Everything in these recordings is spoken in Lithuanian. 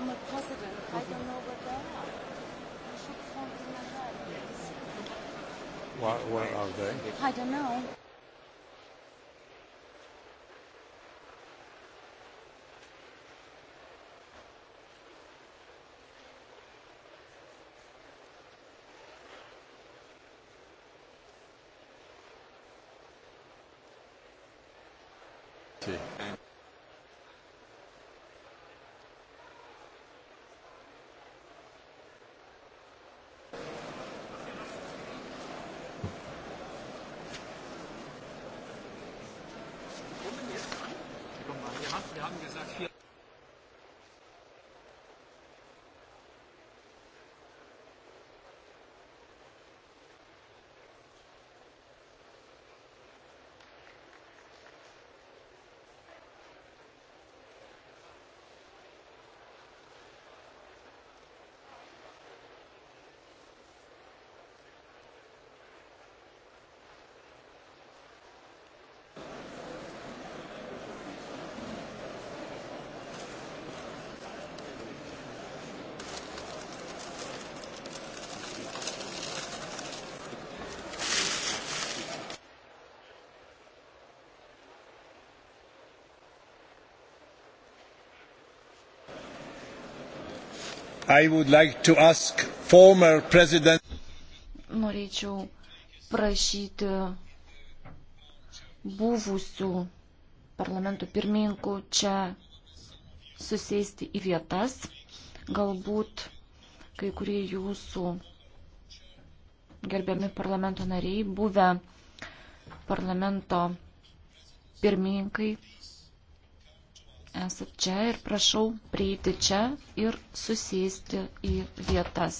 former president. I don't know what they are. I should phone to my dad. What, what are they? I don't know. like president... Norėčiau prašyti buvusių parlamentų pirmininkų čia susėsti į vietas. Galbūt kai kurie jūsų gerbiami parlamento nariai, buvę parlamento pirmininkai esat čia ir prašau prieiti čia ir susėsti į vietas.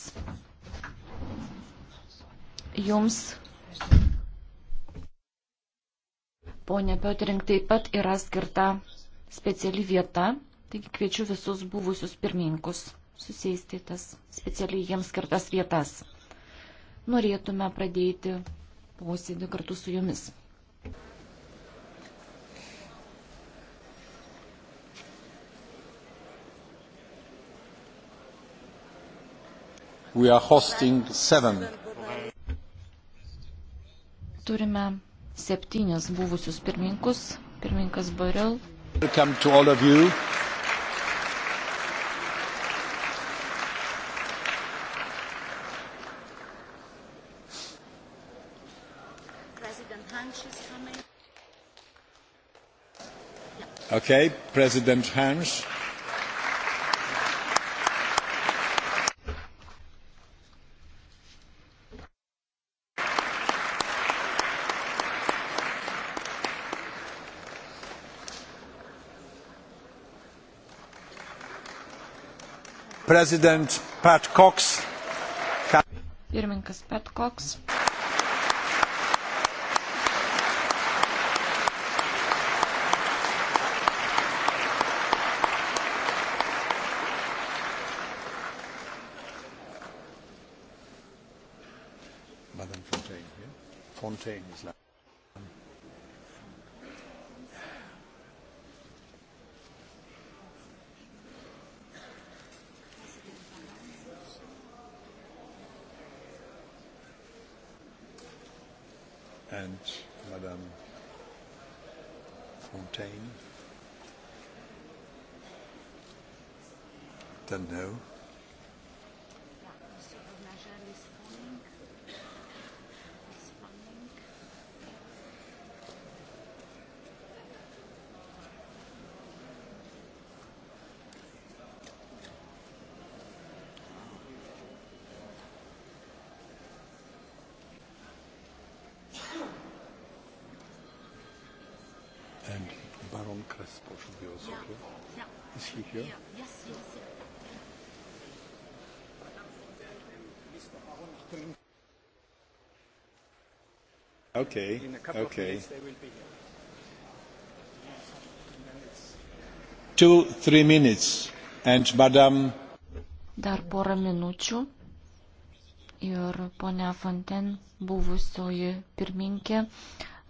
Jums, ponė Piotrink, taip pat yra skirta speciali vieta, taigi kviečiu visus buvusius pirmininkus susėsti į tas specialiai jiems skirtas vietas. Norėtume pradėti posėdį kartu su jumis. We are hosting seven. Turime septynis buvusius pirmininkus. Pirmininkas Borel. Welcome to all of you. Okay, President Hans. President Pat Cox. Pirmininkas Pat Cox. Okay. In a couple okay. of minutes they will be here. Two, three minutes. And Madam. Dar porą minučių. Ir ponia Fonten, buvusioji pirminkė,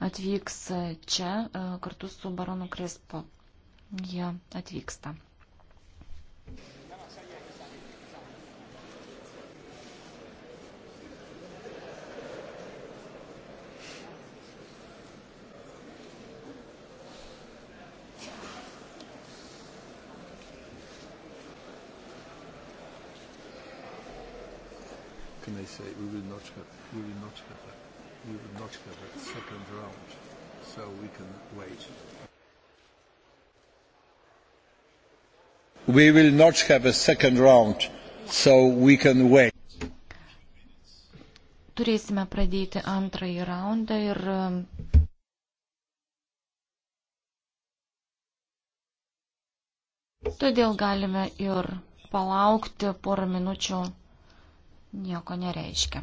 atvyks čia e, kartu su baronu Krespo. Jie atvyksta. say we will not have we will not have a, we will not have a second round, so we can wait. We will not have a second round, so we can wait. Turėsime pradėti antrąjį raundą ir um, todėl galime ir palaukti porą minučių nieko nereiškia.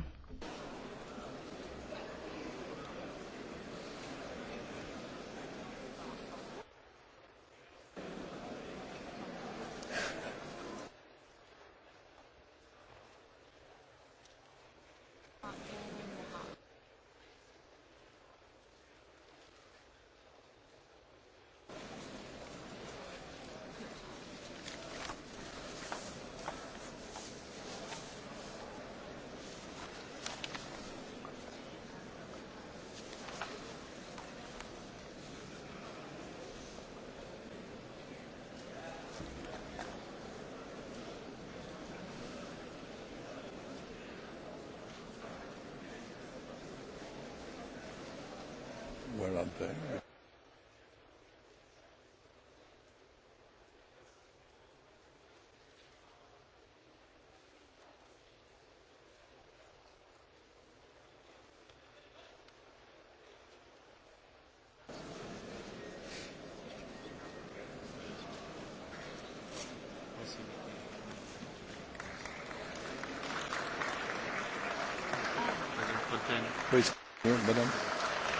Madame.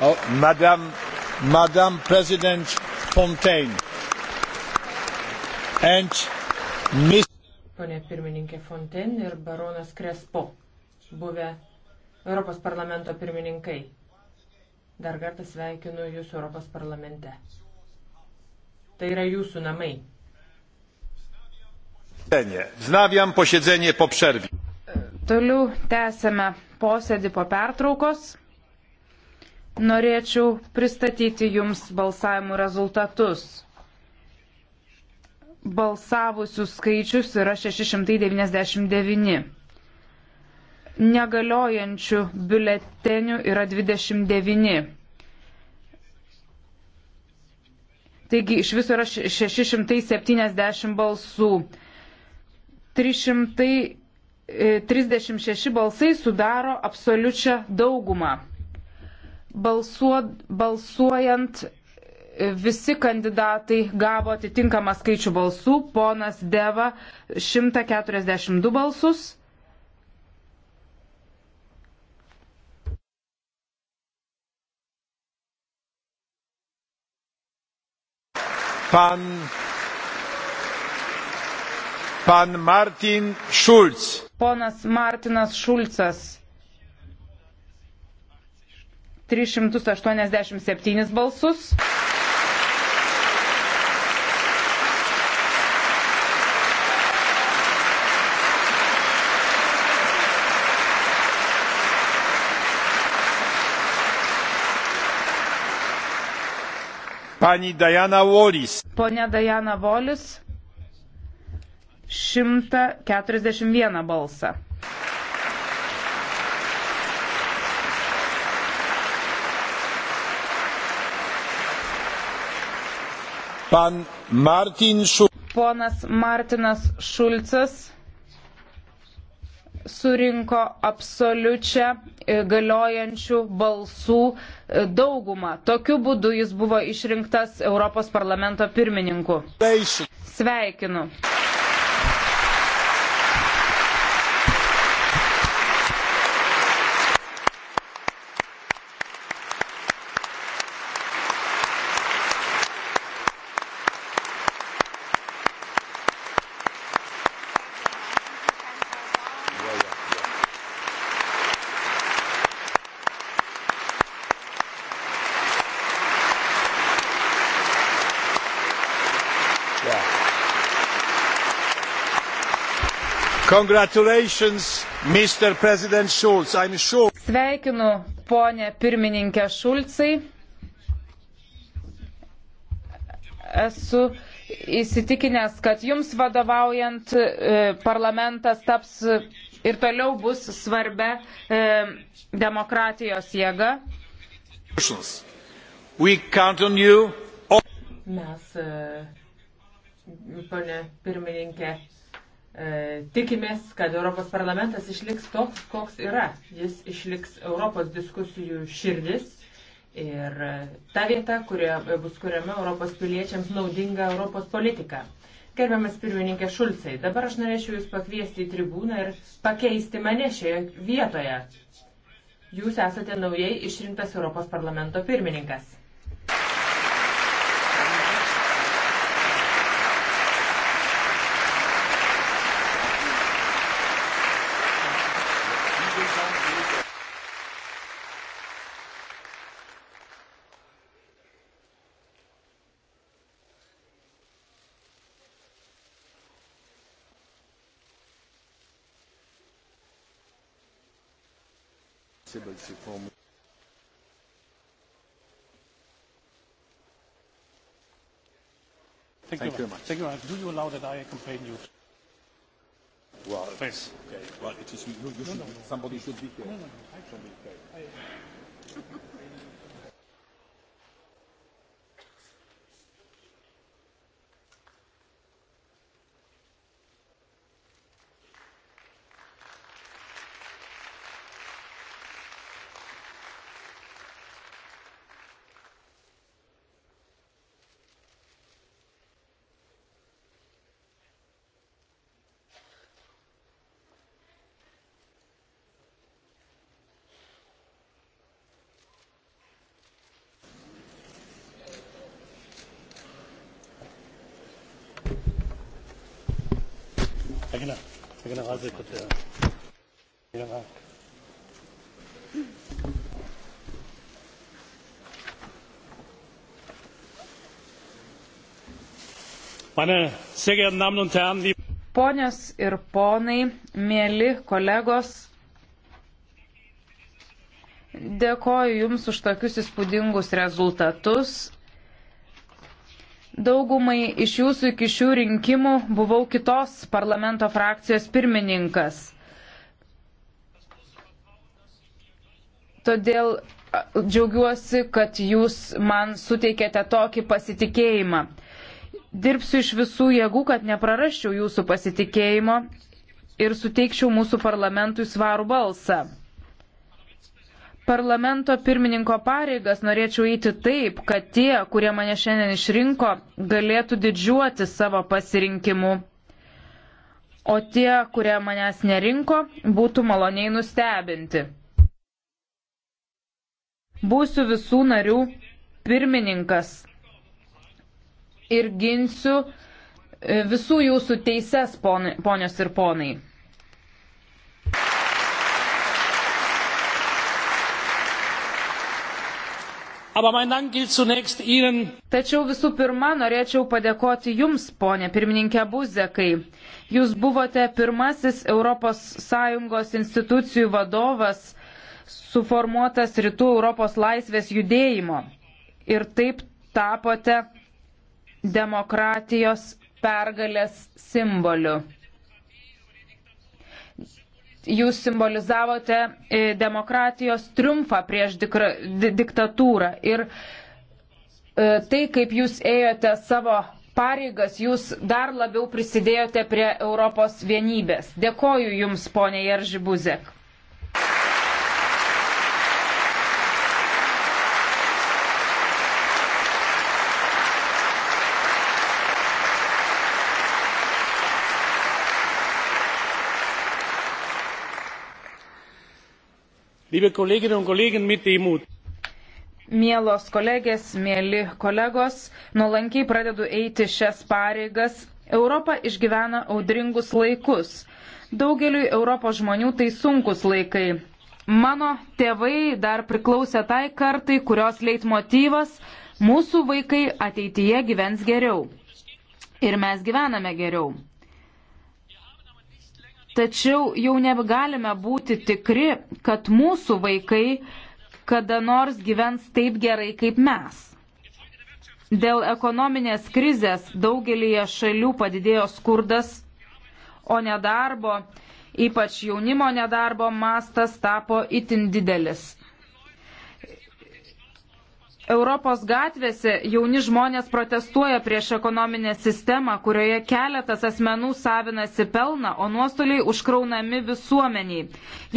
Oh, Madame, Madame President Fontaine. And Miss. Pane pirmininkė Fontaine ir baronas Krespo, buvę Europos parlamento pirmininkai. Dar kartą sveikinu Jūs Europos parlamente. Tai yra Jūsų namai. Znaviam posėdzenį po przervį. Toliau tęsėme posėdį po pertraukos. Norėčiau pristatyti Jums balsavimų rezultatus. Balsavusių skaičius yra 699. Negaliojančių biuletenių yra 29. Taigi iš viso yra 670 balsų. 300 36 balsai sudaro absoliučią daugumą. Balsuo, balsuojant e, visi kandidatai gavo atitinkamą skaičių balsų. Ponas Deva 142 balsus. Pan Pan Martin Schulz. Ponas Martinas Šulcas. 387 balsus. Pani Diana Wallis. Ponia Diana Wallis. 141 balsą. Pan Martin Šul... Ponas Martinas Šulcas surinko absoliučią e, galiojančių balsų e, daugumą. Tokiu būdu jis buvo išrinktas Europos parlamento pirmininku. Sveikinu. Congratulations, Mr. President Schulz. I'm sure. Sveikinu, ponė pirmininkė Šulcai. Esu įsitikinęs, kad jums vadovaujant e, parlamentas taps ir toliau bus svarbia e, demokratijos jėga. Mes, e, ponė pirmininkė, E, tikimės, kad Europos parlamentas išliks toks, koks yra. Jis išliks Europos diskusijų širdis ir e, ta vieta, kurioje e, bus kuriama Europos piliečiams naudinga Europos politika. Gerbiamas pirmininkė Šulcai, dabar aš norėčiau Jūs pakviesti į tribūną ir pakeisti mane šioje vietoje. Jūs esate naujai išrinktas Europos parlamento pirmininkas. responsibility for Thank, Thank you very much. Thank you very much. Do you allow that I accompany you? Well, Thanks. Okay. Well, it is you. you no, should, no, no. Somebody should be here. No, no, no. I, should be here. I, herr generalsekretär! vielen dank! meine sehr geehrten damen und herren liebe ponios ir ponai mieli kolegos dėkoju jums už tokius įspūdingus rezultatus daugumai iš jūsų iki šių rinkimų buvau kitos parlamento frakcijos pirmininkas. Todėl džiaugiuosi, kad jūs man suteikėte tokį pasitikėjimą. Dirbsiu iš visų jėgų, kad neprarasčiau jūsų pasitikėjimo ir suteikčiau mūsų parlamentui svarų balsą parlamento pirmininko pareigas norėčiau eiti taip, kad tie, kurie mane šiandien išrinko, galėtų didžiuoti savo pasirinkimu. O tie, kurie manęs nerinko, būtų maloniai nustebinti. Būsiu visų narių pirmininkas ir ginsiu e, visų jūsų teises, ponios ir ponai. Tačiau visų pirma, norėčiau padėkoti Jums, ponė pirmininkė Buzekai. Jūs buvote pirmasis ES institucijų vadovas suformuotas Rytų Europos laisvės judėjimo. Ir taip tapote demokratijos pergalės simboliu jūs simbolizavote e, demokratijos triumfą prieš dikra, di, diktatūrą. Ir e, tai, kaip jūs ėjote savo pareigas, jūs dar labiau prisidėjote prie Europos vienybės. Dėkoju Jums, ponė Jeržibuzek. liebe Kolleginnen und Kollegen, mit Demut. Mielos kolegės, mėly kolegos, nuolankiai pradedu eiti šias pareigas. Europa išgyvena audringus laikus. Daugeliui Europos žmonių tai sunkus laikai. Mano tėvai dar priklausė tai kartai, kurios leitmotyvas mūsų vaikai ateityje gyvens geriau. Ir mes gyvename geriau. Tačiau jau negalime būti tikri, kad mūsų vaikai kada nors gyvens taip gerai kaip mes. Dėl ekonominės krizės daugelįje šalių padidėjo skurdas, o nedarbo, ypač jaunimo nedarbo mastas tapo itin didelis. Europos gatvėse jauni žmonės protestuoja prieš ekonominę sistemą, kurioje keletas asmenų savinasi pelną, o nuostoliai užkraunami visuomeniai.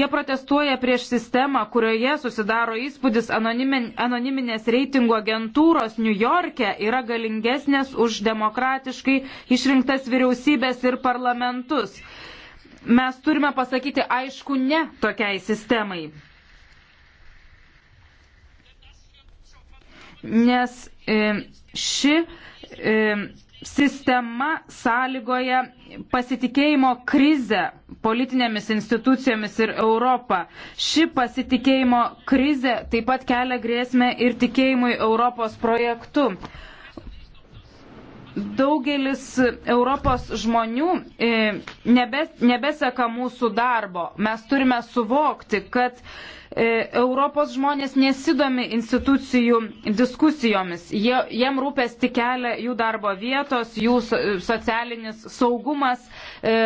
Jie protestuoja prieš sistemą, kurioje susidaro įspūdis anoniminės reitingų agentūros New York'e yra galingesnės už demokratiškai išrinktas vyriausybės ir parlamentus. Mes turime pasakyti aišku ne tokiai sistemai. nes e, ši e, sistema sąlygoja pasitikėjimo krizę politinėmis institucijomis ir Europą. Ši pasitikėjimo krizė taip pat kelia grėsmę ir tikėjimui Europos projektu. Daugelis Europos žmonių e, nebeseka mūsų darbo. Mes turime suvokti, kad E, Europos žmonės nesidomi institucijų diskusijomis. Jie, jiem rūpesti kelia jų darbo vietos, jų socialinis saugumas, e,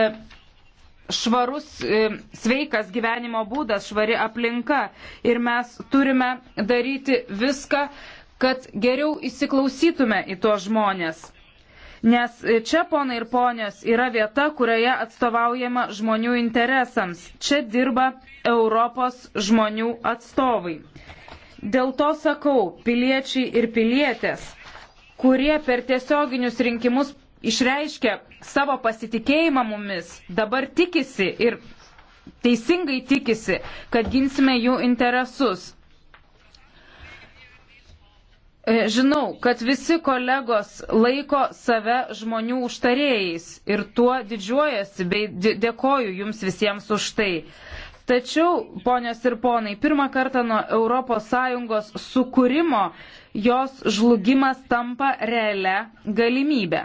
švarus, e, sveikas gyvenimo būdas, švari aplinka. Ir mes turime daryti viską, kad geriau įsiklausytume į tuos žmonės. Nes čia, ponai ir ponios, yra vieta, kurioje atstovaujama žmonių interesams. Čia dirba Europos žmonių atstovai. Dėl to sakau, piliečiai ir pilietės, kurie per tiesioginius rinkimus išreiškia savo pasitikėjimą mumis, dabar tikisi ir teisingai tikisi, kad ginsime jų interesus. E, žinau, kad visi kolegos laiko save žmonių užtarėjais ir tuo didžiuojasi bei dėkoju jums visiems už tai. Tačiau, ponios ir ponai, pirmą kartą nuo ES sukūrimo jos žlugimas tampa realią galimybę.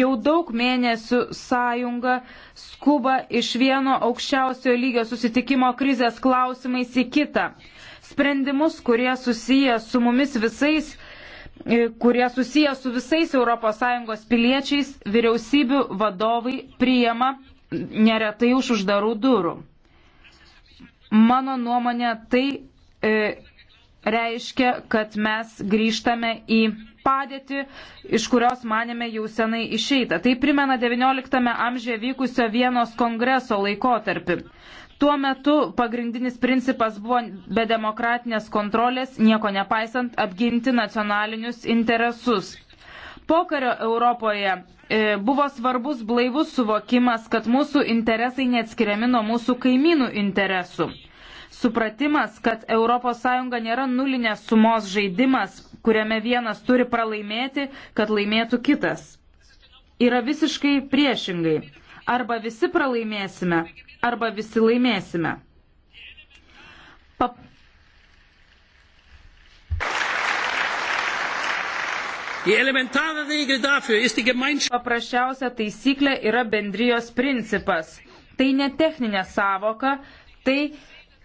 Jau daug mėnesių sąjunga skuba iš vieno aukščiausiojo lygio susitikimo krizės klausimais į kitą sprendimus, kurie susiję su mumis visais, e, kurie susiję su visais ES piliečiais, vyriausybių vadovai priema neretai už uždarų durų. Mano nuomonė tai e, reiškia, kad mes grįžtame į padėtį, iš kurios manėme jau senai išeitą. Tai primena XIX amžiuje vykusio vienos kongreso laikotarpį. Tuo metu pagrindinis principas buvo be demokratinės kontrolės, nieko nepaisant, apginti nacionalinius interesus. Pokario Europoje e, buvo svarbus blaivus suvokimas, kad mūsų interesai neatskiriami nuo mūsų kaimynų interesų. Supratimas, kad ES nėra nulinės sumos žaidimas, kuriame vienas turi pralaimėti, kad laimėtų kitas. Yra visiškai priešingai. Arba visi pralaimėsime, arba visi laimėsime. Pap Paprasčiausia taisyklė yra bendrijos principas. Tai ne techninė savoka, tai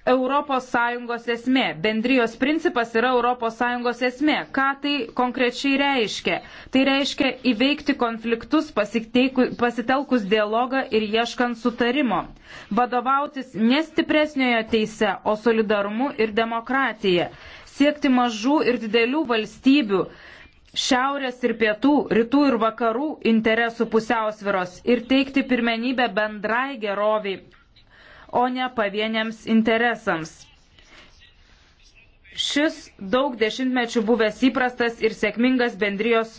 ES esmė. Bendrijos principas yra ES esmė. Ką tai konkrečiai reiškia? Tai reiškia įveikti konfliktus pasitelkus dialogą ir ieškant sutarimo. Vadovautis nestipresniojo teise, o solidarumu ir demokratija. Siekti mažų ir didelių valstybių šiaurės ir pietų, rytų ir vakarų interesų pusiausviros ir teikti pirmenybę bendrai geroviai, o ne pavieniams interesams. Šis daug dešimtmečių buvęs įprastas ir sėkmingas bendrijos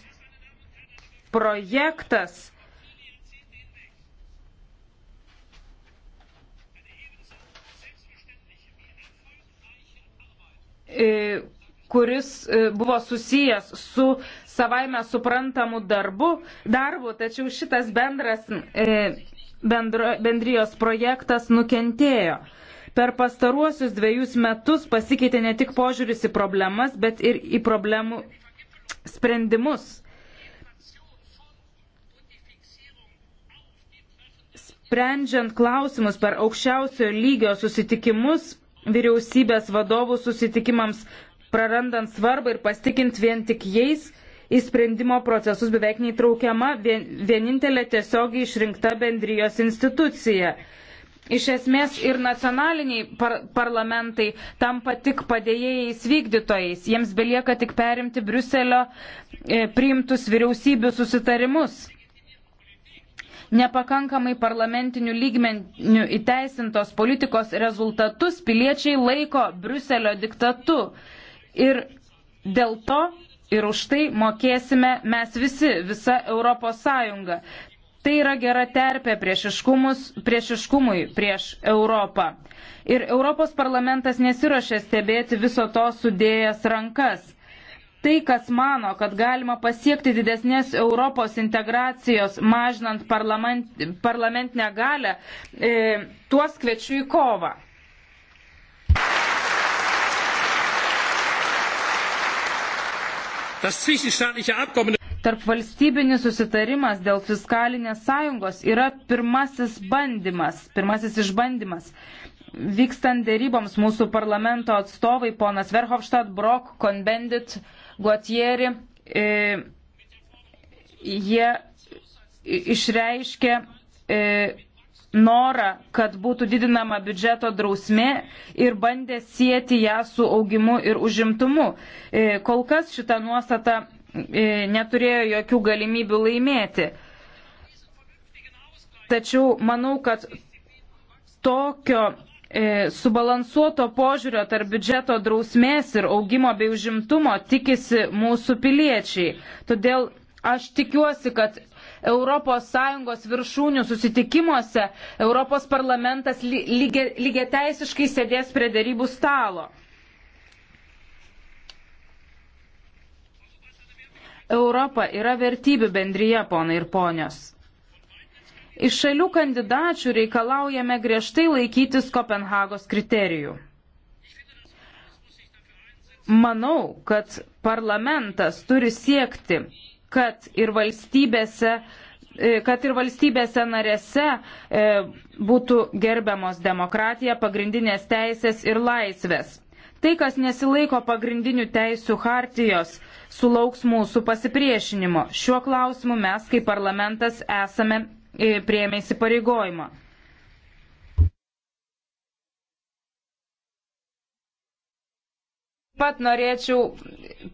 projektas e, kuris e, buvo susijęs su savaime suprantamu darbu, darbu tačiau šitas bendras e, bendro, bendrijos projektas nukentėjo. Per pastaruosius dviejus metus pasikeitė ne tik požiūris į problemas, bet ir į problemų sprendimus. Sprendžiant klausimus per aukščiausio lygio susitikimus, vyriausybės vadovų susitikimams prarandant svarbą ir pasitikint vien tik jais, į sprendimo procesus beveik neįtraukiama vienintelė tiesiogiai išrinkta bendrijos institucija. Iš esmės ir nacionaliniai par parlamentai tampa tik padėjėjais vykdytojais, jiems belieka tik perimti Briuselio e, priimtus vyriausybių susitarimus. Nepakankamai parlamentinių lygmenių įteisintos politikos rezultatus piliečiai laiko Briuselio diktatu. Ir dėl to ir už tai mokėsime mes visi, visa Europos Sąjunga. Tai yra gera terpė priešiškumui prieš Europą. Ir Europos parlamentas nesiuošia stebėti viso to sudėjęs rankas. Tai, kas mano, kad galima pasiekti didesnės Europos integracijos, mažinant parlament, parlamentinę galę, e, tuos kviečiu į kovą. Das zwischenstaatliche Abkommen Tarp valstybinis susitarimas dėl fiskalinės sąjungos yra pirmasis bandymas, pirmasis išbandymas. Vykstant dėryboms mūsų parlamento atstovai, ponas Verhofstadt, Brok, Konbendit, Guatieri, e, jie išreiškė e, norą, kad būtų didinama biudžeto drausmė ir bandė sieti ją su augimu ir užimtumu. E, kol kas šita nuostata e, neturėjo jokių galimybių laimėti. Tačiau manau, kad tokio e, subalansuoto požiūrio tarp biudžeto drausmės ir augimo bei užimtumo tikisi mūsų piliečiai. Todėl aš tikiuosi, kad ES viršūnių susitikimuose Europos parlamentas lygia, lygiateisiškai sėdės prie darybų stalo. Europa yra vertybių bendryje, ponai ir ponios. Iš šalių kandidačių reikalaujame griežtai laikytis Kopenhagos kriterijų. Manau, kad parlamentas turi siekti kad ir valstybėse e, kad ir valstybėse narėse e, būtų gerbiamos demokratija, pagrindinės teisės ir laisvės. Tai, kas nesilaiko pagrindinių teisų hartijos, sulauks mūsų pasipriešinimo. Šiuo klausimu mes, kaip parlamentas, esame e, prieėmė įsipareigojimą. Pat norėčiau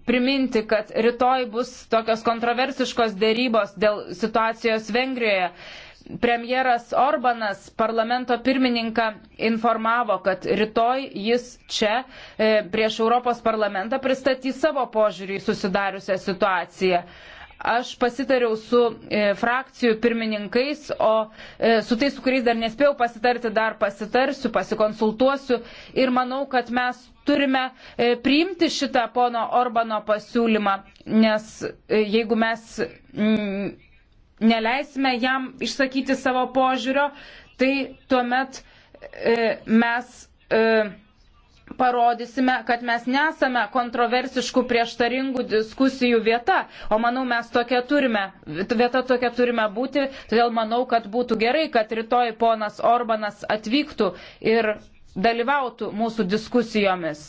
priminti, kad rytoj bus tokios kontroversiškos dėrybos dėl situacijos Vengrijoje. Premjeras Orbanas parlamento pirmininką informavo, kad rytoj jis čia e, prieš Europos parlamentą pristatys savo požiūrį į susidariusią situaciją aš pasitariau su e, frakcijų pirmininkais, o e, su tais, su kuriais dar nespėjau pasitarti, dar pasitarsiu, pasikonsultuosiu ir manau, kad mes turime e, priimti šitą pono Orbano pasiūlymą, nes e, jeigu mes mm, neleisime jam išsakyti savo požiūrio, tai tuomet e, mes parodysime, kad mes nesame kontroversiškų prieštaringų diskusijų vieta, o manau, mes tokia turime, vieta tokia turime būti, todėl manau, kad būtų gerai, kad rytoj ponas Orbanas atvyktų ir dalyvautų mūsų diskusijomis.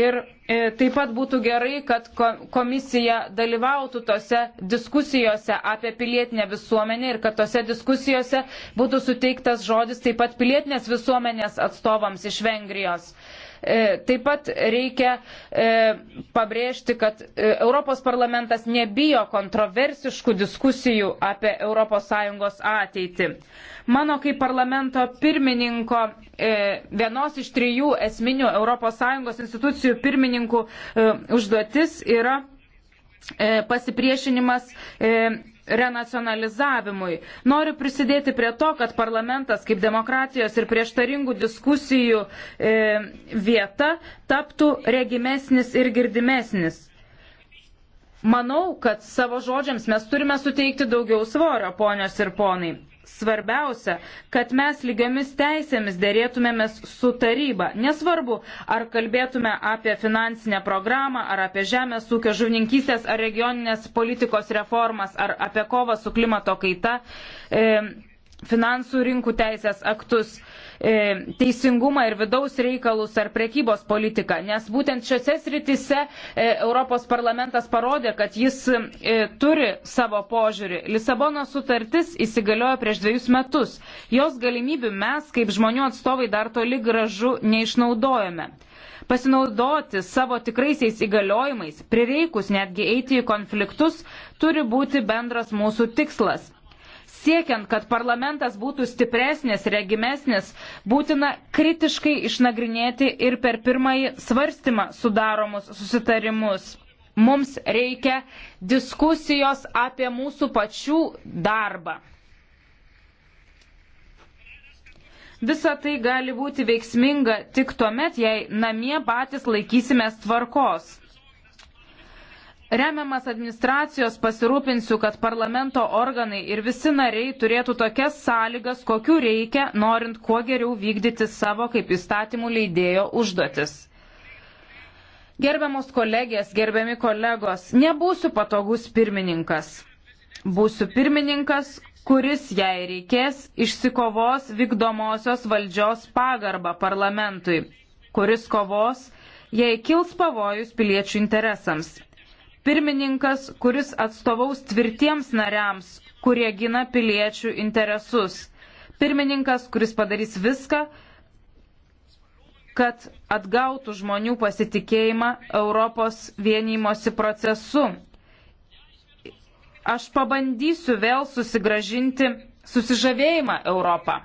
Ir e, taip pat būtų gerai, kad komisija dalyvautų tose diskusijose apie pilietinę visuomenę ir kad tose diskusijose būtų suteiktas žodis taip pat pilietinės visuomenės atstovams iš Vengrijos. E, taip pat reikia e, pabrėžti, kad e, Europos parlamentas nebijo kontroversiškų diskusijų apie ES ateitį. Mano kaip parlamento pirmininko vienos iš trijų esminių ES institucijų pirmininkų užduotis yra pasipriešinimas renacionalizavimui. Noriu prisidėti prie to, kad parlamentas kaip demokratijos ir prieštaringų diskusijų e, vieta taptų regimesnis ir girdimesnis. Manau, kad savo žodžiams mes turime suteikti daugiau svorio, ponios ir ponai svarbiausia, kad mes lygiomis teisėmis dėrėtumėmės su taryba. Nesvarbu, ar kalbėtume apie finansinę programą, ar apie žemės ūkio žuvininkystės, ar regioninės politikos reformas, ar apie kovą su klimato kaita, e, finansų rinkų teisės aktus. E, teisingumą ir vidaus reikalus ar prekybos politiką, nes būtent šiose sritise e, Europos parlamentas parodė, kad jis e, turi savo požiūrį. Lisabono sutartis įsigaliojo prieš dviejus metus. Jos galimybių mes, kaip žmonių atstovai, dar toli gražu neišnaudojame pasinaudoti savo tikraisiais įgaliojimais, prireikus netgi eiti į konfliktus, turi būti bendras mūsų tikslas. Siekiant, kad parlamentas būtų stipresnis, regimesnis, būtina kritiškai išnagrinėti ir per pirmąjį svarstymą sudaromus susitarimus. Mums reikia diskusijos apie mūsų pačių darbą. Visa tai gali būti veiksminga tik tuomet, jei namie patys laikysimės tvarkos. Remiamas administracijos pasirūpinsiu, kad parlamento organai ir visi nariai turėtų tokias sąlygas, kokių reikia, norint kuo geriau vykdyti savo kaip įstatymų leidėjo užduotis. Gerbiamos kolegės, gerbiami kolegos, nebūsiu patogus pirmininkas. Būsiu pirmininkas, kuris, jei reikės, išsikovos vykdomosios valdžios pagarbą parlamentui, kuris kovos, jei kils pavojus piliečių interesams pirmininkas, kuris atstovaus tvirtiems nariams, kurie gina piliečių interesus. Pirmininkas, kuris padarys viską, kad atgautų žmonių pasitikėjimą Europos vienymosi procesu. Aš pabandysiu vėl susigražinti susižavėjimą Europą.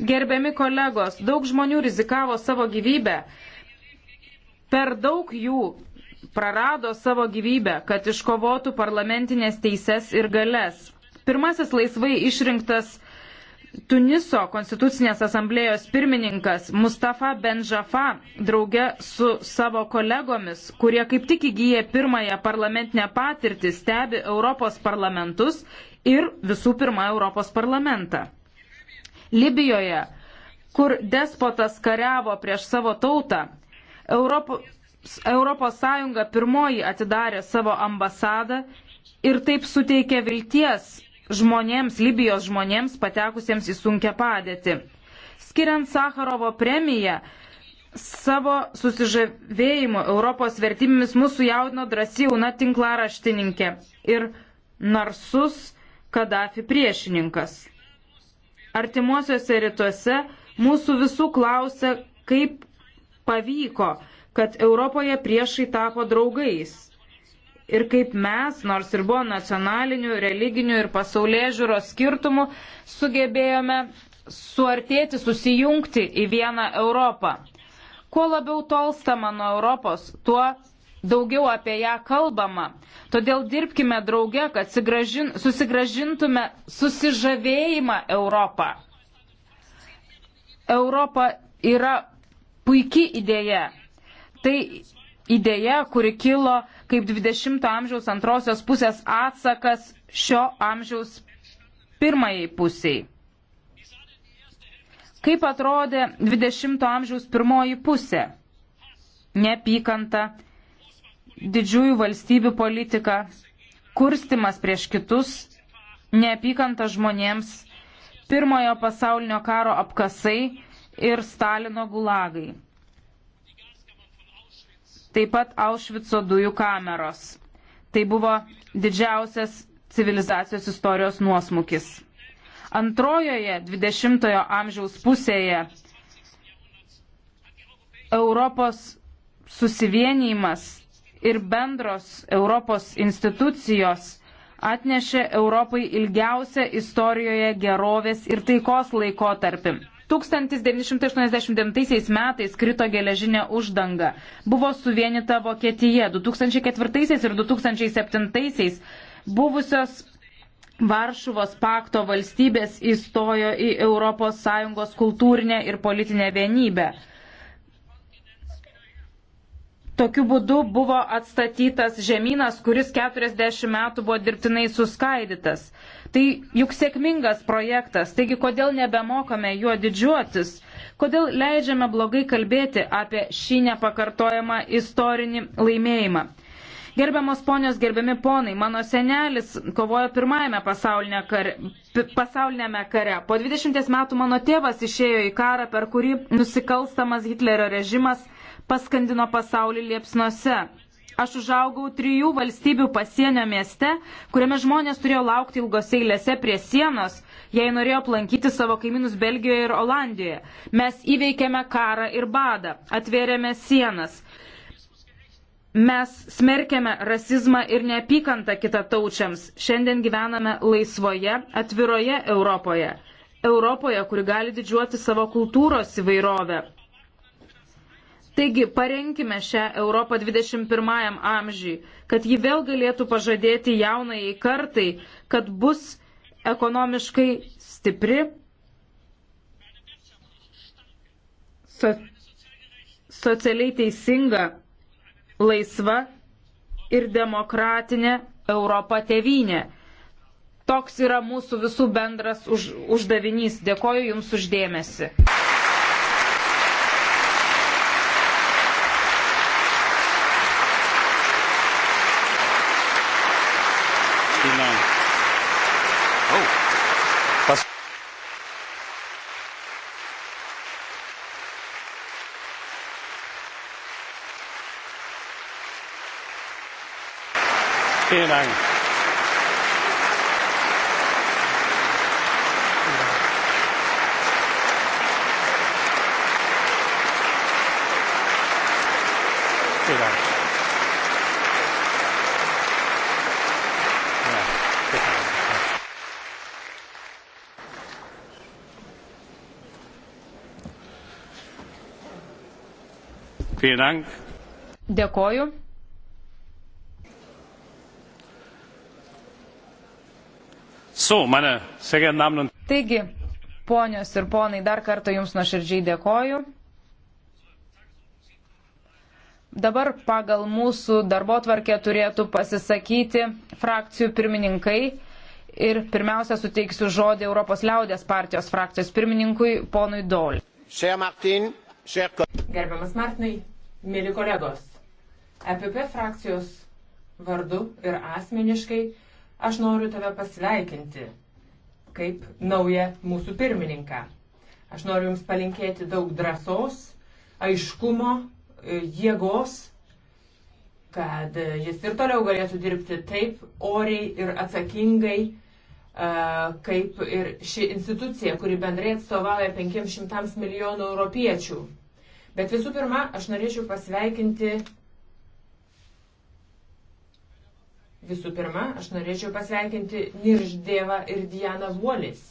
Gerbiami kolegos, daug žmonių rizikavo savo gyvybę. Per daug jų prarado savo gyvybę, kad iškovotų parlamentinės teises ir galės. Pirmasis laisvai išrinktas Tuniso konstitucinės asamblėjos pirmininkas Mustafa Benžafa drauge su savo kolegomis, kurie kaip tik įgyja pirmąją parlamentinę patirtį, stebi Europos parlamentus ir visų pirma Europos parlamentą. Libijoje, kur despotas kariavo prieš savo tautą, Europo, ES pirmoji atidarė savo ambasadą ir taip suteikė vilties žmonėms, Libijos žmonėms patekusiems į sunkę padėtį. Skiriant Sakarovo premiją, savo susižavėjimu Europos vertybėmis mūsų jaudino drąsi jauna tinklaraštininkė ir narsus Kadafi priešininkas. Artimuosiuose rytuose mūsų visų klausia, kaip pavyko kad Europoje priešai tapo draugais. Ir kaip mes, nors ir buvo nacionalinių, religinių ir pasaulė žiūros skirtumų, sugebėjome suartėti, susijungti į vieną Europą. Kuo labiau tolstama nuo Europos, tuo daugiau apie ją kalbama. Todėl dirbkime drauge, kad susigražin, susigražintume susižavėjimą Europą. Europa yra puikiai idėja. Tai idėja, kuri kilo kaip 20-ojo amžiaus antrosios pusės atsakas šio amžiaus pirmajai pusiai. Kaip atrodė 20-ojo amžiaus pirmoji pusė? Nepykanta, didžiųjų valstybių politika, kurstimas prieš kitus, neapykanta žmonėms, pirmojo pasaulinio karo apkasai ir Stalino gulagai taip pat Aušvico dujų kameros. Tai buvo didžiausias civilizacijos istorijos nuosmukis. Antrojoje 20-ojo amžiaus pusėje Europos susivienijimas ir bendros Europos institucijos atnešė Europai ilgiausią istorijoje gerovės ir taikos laikotarpį. 1989 metais krito geležinė uždanga. Buvo suvienita Vokietija 2004 ir 2007 buvusios Varšuvos pakto valstybės įstojo į ES kultūrinę ir politinę vienybę. Tokiu būdu buvo atstatytas žemynas, kuris 40 metų buvo dirbtinai suskaidytas. Tai juk sėkmingas projektas, taigi kodėl nebemokame juo didžiuotis, kodėl leidžiame blogai kalbėti apie šį nepakartojamą istorinį laimėjimą. Gerbiamos ponios, gerbiami ponai, mano senelis kovojo pirmajame pasaulinė kare, pasaulinėme kare. Po 20 metų mano tėvas išėjo į karą, per kurį nusikalstamas Hitlerio režimas paskandino pasaulį liepsnose. Aš užaugau trijų valstybių pasienio mieste, kuriame žmonės turėjo laukti ilgose eilėse prie sienos, jei norėjo aplankyti savo kaimynus Belgijoje ir Olandijoje. Mes įveikėme karą ir badą, atvėrėme sienas. Mes smerkėme rasizmą ir neapykantą kitą taučiams. Šiandien gyvename laisvoje, atviroje Europoje. Europoje, kuri gali didžiuoti savo kultūros įvairovę. Taigi, parenkime šią Europą 21 amžiui, kad ji vėl galėtų pažadėti jaunai kartai, kad bus ekonomiškai stipri, so, socialiai teisinga, laisva ir demokratinė Europa tevinė. Toks yra mūsų visų bendras už, uždavinys. Dėkoju Jums uždėmesi. Vielen Dank. Vielen Dank. Ja, bitte. Vielen Dank. Dėkoju. So, meine sehr geehrten Damen und Taigi, ponios ir ponai, dar kartą Jums nuoširdžiai dėkoju. Dabar pagal mūsų darbo tvarkę turėtų pasisakyti frakcijų pirmininkai ir pirmiausia suteiksiu žodį Europos liaudės partijos frakcijos pirmininkui ponui Dol. Martin, Gerbiamas Martinai, mėly kolegos, EPP frakcijos vardu ir asmeniškai Aš noriu tave pasveikinti kaip naują mūsų pirmininką. Aš noriu Jums palinkėti daug drąsos, aiškumo, e, jėgos, kad e, jis ir toliau galėtų dirbti taip oriai ir atsakingai, e, kaip ir ši institucija, kuri bendrai atstovauja 500 milijonų europiečių. Bet visų pirma, aš norėčiau pasveikinti Visų pirma, aš norėčiau pasveikinti Nirždėvą ir Dianą Vuolis,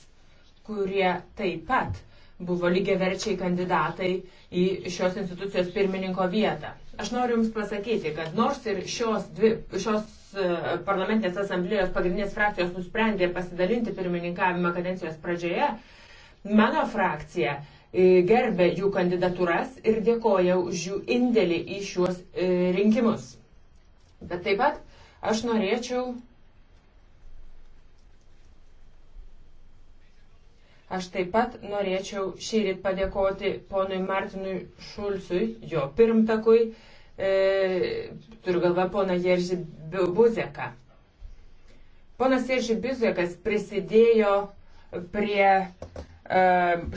kurie taip pat buvo lygiaverčiai kandidatai į šios institucijos pirmininko vietą. Aš noriu Jums pasakyti, kad nors ir šios, dvi, šios e, parlamentinės asamblėjos pagrindinės frakcijos nusprendė pasidalinti pirmininkavimą kadencijos pradžioje, mano frakcija e, gerbė jų kandidatūras ir dėkoja už jų indėlį į šiuos e, rinkimus. Bet taip pat Aš norėčiau. Aš taip pat norėčiau šįryt padėkoti ponui Martinui Šulcui, jo pirmtakui, e, turiu galvą poną Jeržį Buzeką. Ponas Jeržį Buzekas prisidėjo prie e,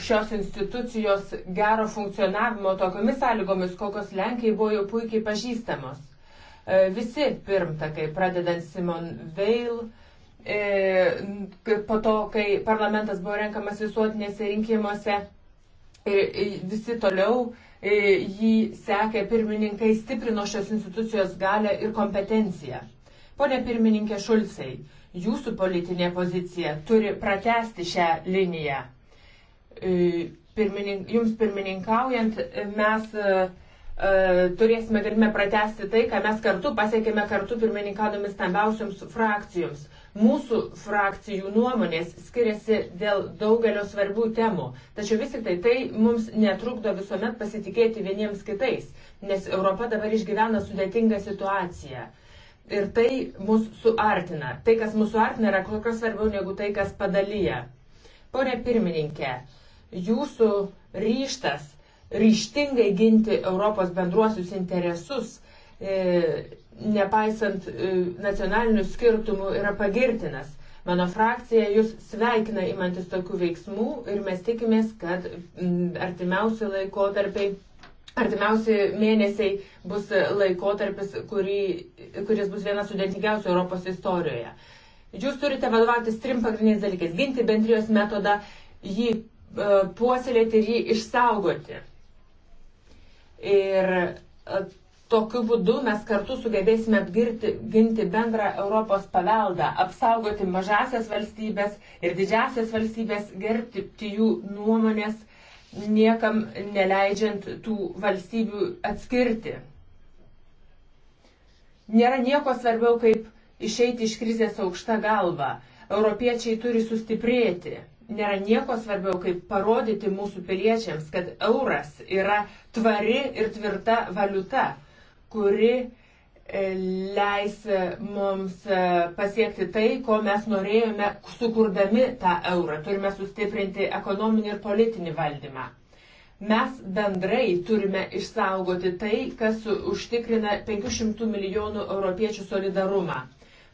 šios institucijos gero funkcionavimo tokiomis sąlygomis, kokios Lenkiai buvo jau puikiai pažįstamos. E, visi pirmtakai, pradedant Simon Veil, e, po to, kai parlamentas buvo renkamas visuotinėse rinkimuose ir visi toliau e, jį sekė pirmininkai, stiprino šios institucijos galę ir kompetenciją. Pone pirmininkė Šulcai, jūsų politinė pozicija turi pratesti šią liniją. Pirmininink, jums pirmininkaujant mes E, turėsime galime pratesti tai, ką mes kartu pasiekėme kartu pirmininkaudomis stambiausioms frakcijoms. Mūsų frakcijų nuomonės skiriasi dėl daugelio svarbių temų, tačiau vis tik tai tai mums netrukdo visuomet pasitikėti vieniems kitais, nes Europa dabar išgyvena sudėtingą situaciją. Ir tai mus suartina. Tai, kas mūsų artina, yra kur kas svarbiau negu tai, kas padalyja. Pone pirmininkė, jūsų ryštas ryštingai ginti Europos bendruosius interesus, e, nepaisant e, nacionalinių skirtumų, yra pagirtinas. Mano frakcija jūs sveikina imantis tokių veiksmų ir mes tikimės, kad artimiausi laikotarpiai, artimiausi mėnesiai bus laikotarpis, kurį, kuris bus vienas sudėtingiausių Europos istorijoje. Jūs turite vadovautis trim pagrindiniais dalykais - ginti bendrijos metodą, jį e, puoselėti ir jį išsaugoti. Ir e, tokiu būdu mes kartu sugebėsime apgirti, ginti bendrą Europos paveldą, apsaugoti mažasias valstybės ir didžiasias valstybės, gerbti jų nuomonės, niekam neleidžiant tų valstybių atskirti. Nėra nieko svarbiau, kaip išeiti iš krizės aukšta galva. Europiečiai turi sustiprėti nėra nieko svarbiau, kaip parodyti mūsų piliečiams, kad euras yra tvari ir tvirta valiuta, kuri e, leis e, mums e, pasiekti tai, ko mes norėjome, sukurdami tą eurą. Turime sustiprinti ekonominį ir politinį valdymą. Mes bendrai turime išsaugoti tai, kas užtikrina 500 milijonų europiečių solidarumą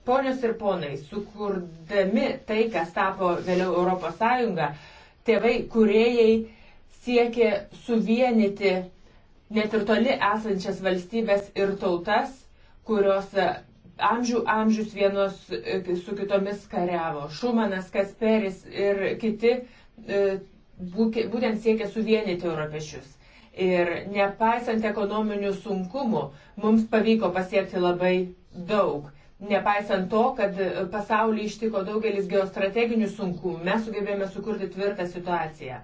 Ponios ir ponai, sukurdami tai, kas tapo vėliau Europos Sąjunga, tėvai kuriejai siekė suvienyti net ir toli esančias valstybės ir tautas, kurios e, amžių amžius vienos e, su kitomis kariavo. Šumanas, Kasperis ir kiti e, būtent siekia suvienyti europiečius. Ir nepaisant ekonominių sunkumų, mums pavyko pasiekti labai daug. Nepaisant to, kad e, pasaulį ištiko daugelis geostrateginių sunkumų, mes sugebėjome sukurti tvirtą situaciją.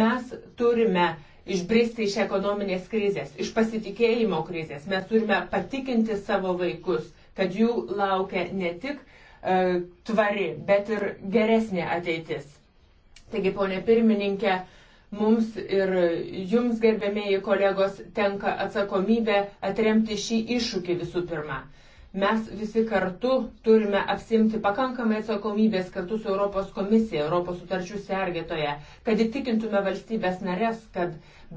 Mes turime išbristi iš ekonominės krizės, iš pasitikėjimo krizės. Mes turime patikinti savo vaikus, kad jų laukia ne tik e, tvari, bet ir geresnė ateitis. Taigi, ponė pirmininkė, mums ir jums gerbėmėjai kolegos tenka atsakomybė atremti šį iššūkį visų pirma. Mes visi kartu turime apsimti pakankamai atsakomybės kartu su Europos komisija, Europos sutarčių sergėtoje, kad įtikintume valstybės narės, kad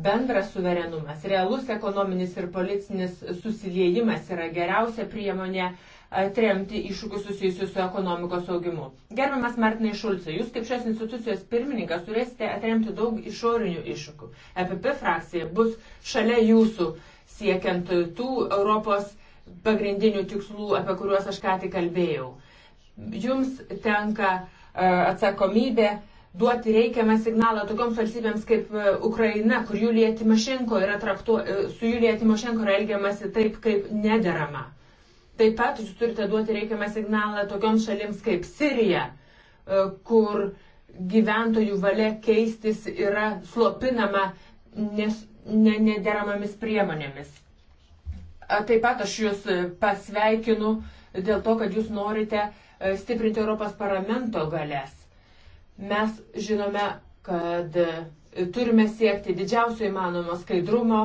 bendras suverenumas, realus ekonominis ir politinis susiliejimas yra geriausia priemonė atremti e, iššūkius susijusius su ekonomikos augimu. Gerbiamas Martinai Šulcai, jūs kaip šios institucijos pirmininkas turėsite atremti daug išorinių iššūkių. EPP frakcija bus šalia jūsų siekiant tų Europos pagrindinių tikslų, apie kuriuos aš ką tik kalbėjau. Jums tenka e, atsakomybė duoti reikiamą signalą tokioms valstybėms kaip e, Ukraina, kur Julija Timošenko yra traktuo, e, su Julija Timošenko yra elgiamasi taip, kaip nederama. Taip pat jūs turite duoti reikiamą signalą tokioms šalims kaip Sirija, kur gyventojų valia keistis yra slopinama nes, ne, nederamomis priemonėmis. Taip pat aš jūs e, pasveikinu dėl to, kad jūs norite e, stiprinti Europos parlamento galės. Mes žinome, kad e, turime siekti didžiausio įmanomo skaidrumo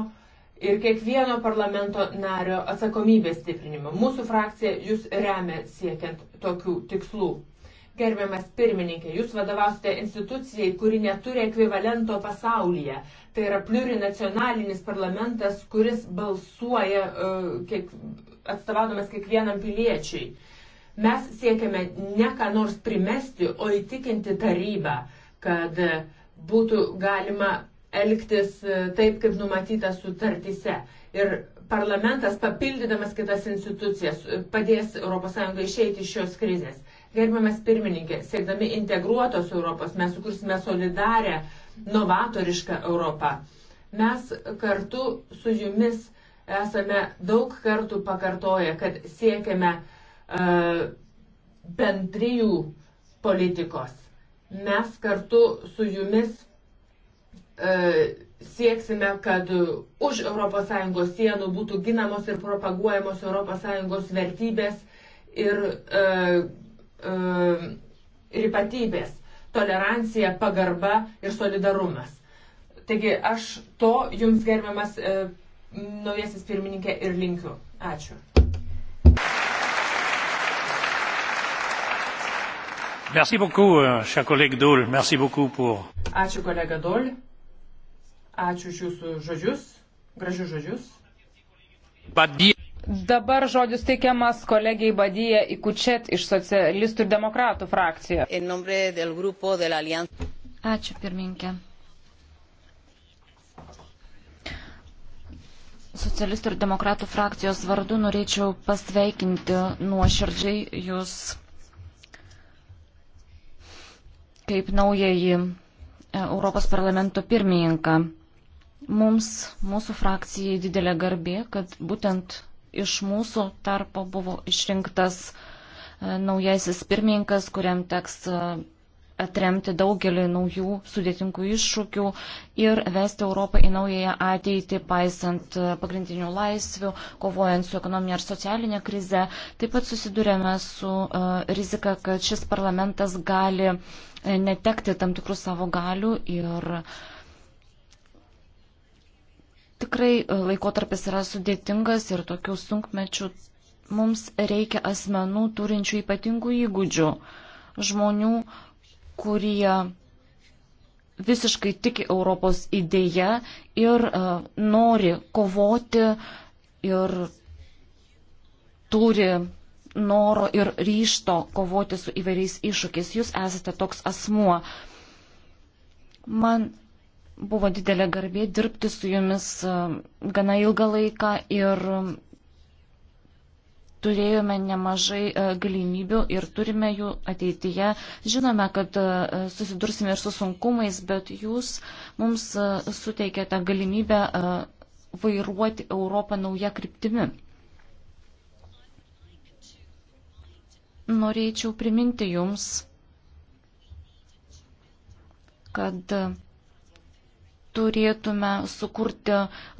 ir kiekvieno parlamento nario atsakomybės stiprinimo. Mūsų frakcija jūs remia siekiant tokių tikslų. Gerbiamas pirmininkė, jūs vadovausite institucijai, kuri neturi ekvivalento pasaulyje. Tai yra plurinacionalinis parlamentas, kuris balsuoja uh, kiek, atstovaudamas kiekvienam piliečiui. Mes siekiame ne ką nors primesti, o įtikinti tarybą, kad būtų galima elgtis e, taip, kaip numatyta sutartyse. Ir parlamentas, papildydamas kitas institucijas, e, padės ES išeiti iš šios krizės. Gerbiamas pirmininkė, siekdami integruotos Europos mes sukursime solidarę, novatorišką Europą. Mes kartu su jumis esame daug kartų pakartoję, kad siekiame uh, bendrijų politikos. Mes kartu su jumis uh, sieksime, kad už ES sienų būtų ginamos ir propaguojamos ES vertybės ir uh, Um, ir ypatybės - tolerancija, pagarba ir solidarumas. Taigi aš to jums gerbiamas um, naujasis pirmininkė ir linkiu. Ačiū. Merci beaucoup, euh, cher collègue Dole. Merci beaucoup pour. Ačiū kolega Dole. Ačiū už jūsų žodžius, gražius žodžius. But... Dabar žodis teikiamas kolegijai Badyje Ikučet iš socialistų ir demokratų frakcijos. Ačiū pirminkė. Socialistų ir demokratų frakcijos vardu norėčiau pasveikinti nuoširdžiai Jūs kaip naująjį e, Europos parlamento pirmininką. Mums, mūsų frakcijai didelė garbė, kad būtent iš mūsų tarpo buvo išrinktas e, naujasis pirmininkas, kuriam teks e, atremti daugelį naujų sudėtingų iššūkių ir vesti Europą į naująją ateitį, paisant e, pagrindinių laisvių, kovojant su ekonominė ir socialinė krize. Taip pat susidurėme su uh, rizika, kad šis parlamentas gali netekti tam tikrų savo galių ir uh, Tikrai e, laikotarpis yra sudėtingas ir tokių sunkmečių mums reikia asmenų turinčių ypatingų įgūdžių, žmonių, kurie visiškai tiki Europos idėja ir uh, nori kovoti ir turi noro ir ryšto kovoti su įvairiais iššūkiais. Jūs esate toks asmuo. Man Buvo didelė garbė dirbti su jumis e, gana ilgą laiką ir turėjome nemažai e, galimybių ir turime jų ateityje. Žinome, kad e, susidursime ir su sunkumais, bet jūs mums suteikėte galimybę vairuoti Europą naują kryptimi. Norėčiau priminti jums, kad turėtume sukurti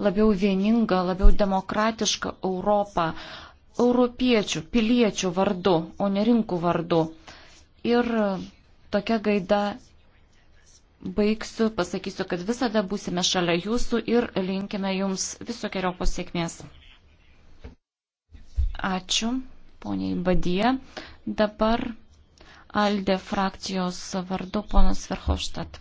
labiau vieningą, labiau demokratišką Europą europiečių, piliečių vardu, o ne rinkų vardu. Ir tokia gaida baigsiu, pasakysiu, kad visada būsime šalia jūsų ir linkime jums visokiojo pasiekmės. Ačiū, poniai Badie. Dabar Alde frakcijos vardu ponas Verhoštat.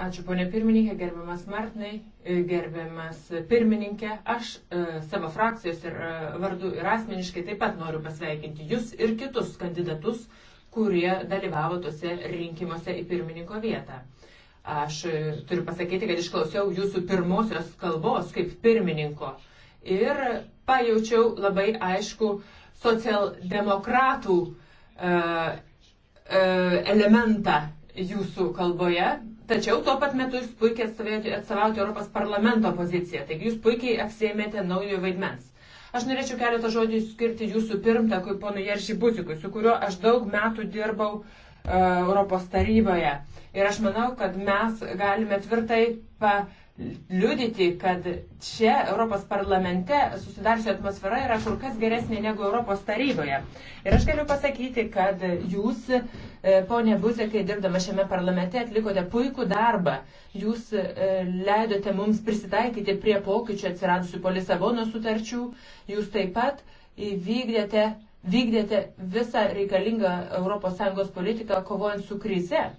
Ačiū, ponė pirmininkė, gerbiamas Martinai, e, gerbiamas pirmininkė. Aš e, savo frakcijos ir e, vardu ir asmeniškai taip pat noriu pasveikinti jūs ir kitus kandidatus, kurie dalyvavo tose rinkimuose į pirmininko vietą. Aš e, turiu pasakyti, kad išklausiau jūsų pirmosios kalbos kaip pirmininko ir pajaučiau labai aišku socialdemokratų e, e, elementą jūsų kalboje, tačiau tuo pat metu jūs puikiai atstovauti Europos parlamento poziciją, taigi jūs puikiai apsėmėte naujo vaidmens. Aš norėčiau keletą žodžių skirti jūsų pirmtakui, ponui Jeršy Buzikui, su kuriuo aš daug metų dirbau uh, Europos taryboje. Ir aš manau, kad mes galime tvirtai pa, uh, liudyti, kad čia Europos parlamente susidariusi atmosfera yra kur kas geresnė negu Europos taryboje. Ir aš galiu pasakyti, kad jūs, e, ponė Buzekai, dirbdama šiame parlamente, atlikote puikų darbą. Jūs e, leidote mums prisitaikyti prie pokyčių atsiradusių po Lisabono sutarčių. Jūs taip pat įvykdėte, vykdėte visą reikalingą ES politiką kovojant su krize.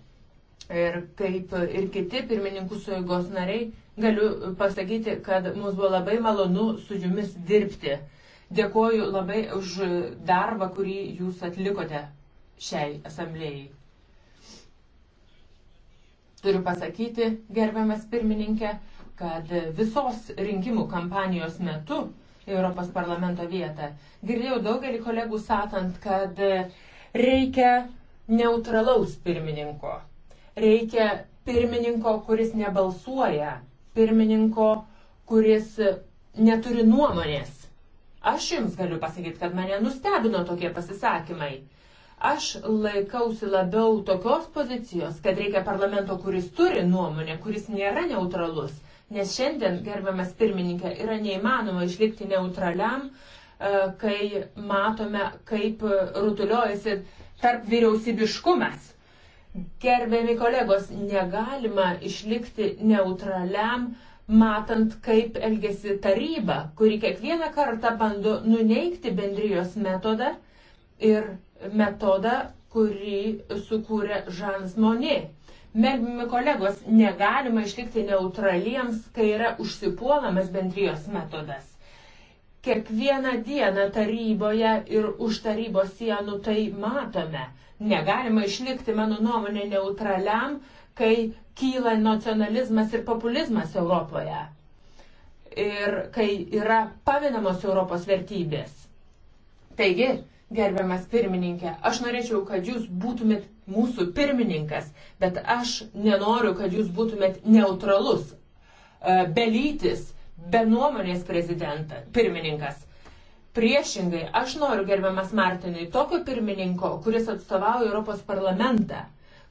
Ir kaip ir kiti pirmininkų sueigos nariai, galiu pasakyti, kad mums buvo labai malonu su jumis dirbti. Dėkoju labai už darbą, kurį jūs atlikote šiai asamblėjai. Turiu pasakyti, gerbiamas pirmininkė, kad visos rinkimų kampanijos metu Europos parlamento vietą girdėjau daugelį kolegų sakant, kad reikia neutralaus pirmininko. Reikia pirmininko, kuris nebalsuoja pirmininko, kuris neturi nuomonės. Aš jums galiu pasakyti, kad mane nustebino tokie pasisakymai. Aš laikausi labiau tokios pozicijos, kad reikia parlamento, kuris turi nuomonę, kuris nėra neutralus, nes šiandien, gerbiamas pirmininkė, yra neįmanoma išlikti neutraliam, e, kai matome, kaip rutuliojasi tarp vyriausybiškumas Gerbiami kolegos, negalima išlikti neutraliam, matant, kaip elgesi taryba, kuri kiekvieną kartą bando nuneikti bendrijos metodą ir metodą, kurį sukūrė Žans Monė. Melbimi kolegos, negalima išlikti neutraliems, kai yra užsipuolamas bendrijos metodas. Kiekvieną dieną taryboje ir už tarybos sienų tai matome. Negalima išlikti, mano nuomonė, neutraliam, kai kyla nacionalizmas ir populizmas Europoje. Ir kai yra pavinamos Europos vertybės. Taigi, gerbiamas pirmininkė, aš norėčiau, kad jūs būtumėt mūsų pirmininkas, bet aš nenoriu, kad jūs būtumėt neutralus, e, belytis be nuomonės prezidentas, pirmininkas. Priešingai, aš noriu, gerbiamas Martinai, tokio pirmininko, kuris atstovauja Europos parlamentą,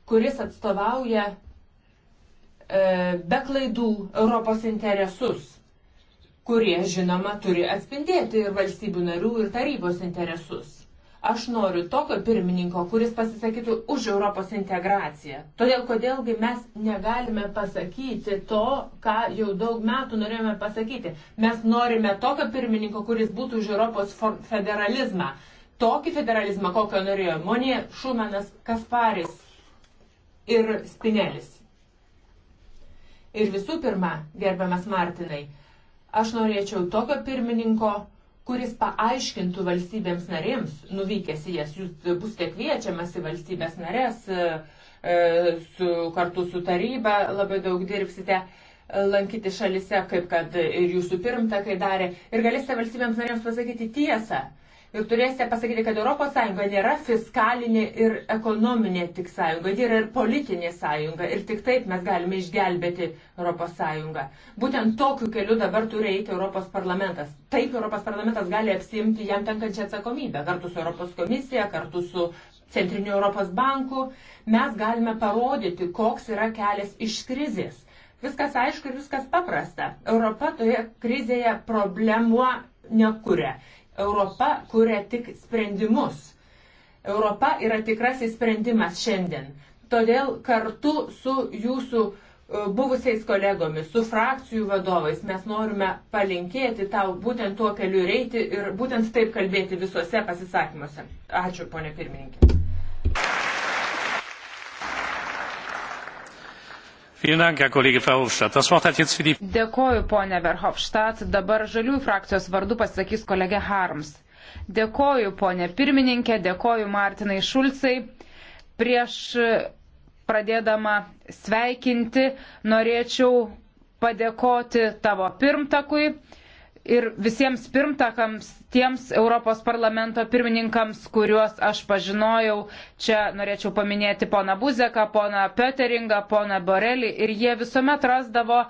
kuris atstovauja e, be klaidų Europos interesus, kurie, žinoma, turi atspindėti ir valstybių narių, ir tarybos interesus. Aš noriu tokio pirmininko, kuris pasisakytų už Europos integraciją. Todėl kodėlgi mes negalime pasakyti to, ką jau daug metų norėjome pasakyti. Mes norime tokio pirmininko, kuris būtų už Europos federalizmą. Tokį federalizmą, kokio norėjo Monė, Šumanas, Kasparis ir Spinelis. Ir visų pirma, gerbiamas Martinai, aš norėčiau tokio pirmininko, kuris paaiškintų valstybėms narėms, nuvykęs į jas, jūs būsite kviečiamas į valstybės narės, e, su, kartu su taryba labai daug dirbsite e, lankyti šalise, kaip kad ir jūsų pirmtakai darė, ir galėsite valstybėms narėms pasakyti tiesą ir turėsite pasakyti, kad ES nėra fiskalinė ir ekonominė tik sąjunga, ji yra ir politinė sąjunga ir tik taip mes galime išgelbėti ES. Būtent tokiu keliu dabar turi eiti Europos parlamentas. Taip Europos parlamentas gali apsimti jam tenkančią atsakomybę kartu su Europos komisija, kartu su Centriniu Europos banku. Mes galime parodyti, koks yra kelias iš krizės. Viskas aišku ir viskas paprasta. Europa toje krizėje problemų nekuria. Europa kuria tik sprendimus. Europa yra tikrasis sprendimas šiandien. Todėl kartu su jūsų e, buvusiais kolegomis, su frakcijų vadovais mes norime palinkėti tau būtent tuo keliu reiti ir būtent taip kalbėti visuose pasisakymuose. Ačiū, ponė pirmininkė. Dėkoju, ponė Verhofstadt. Dabar žaliųjų frakcijos vardu pasakys kolegė Harms. Dėkoju, ponė pirmininkė, dėkoju Martinai Šulcai. Prieš pradėdama sveikinti norėčiau padėkoti tavo pirmtakui ir visiems pirmtakams, tiems Europos parlamento pirmininkams, kuriuos aš pažinojau. Čia norėčiau paminėti poną Buzeką, poną Pöteringą, poną Borelį ir jie visuomet rasdavo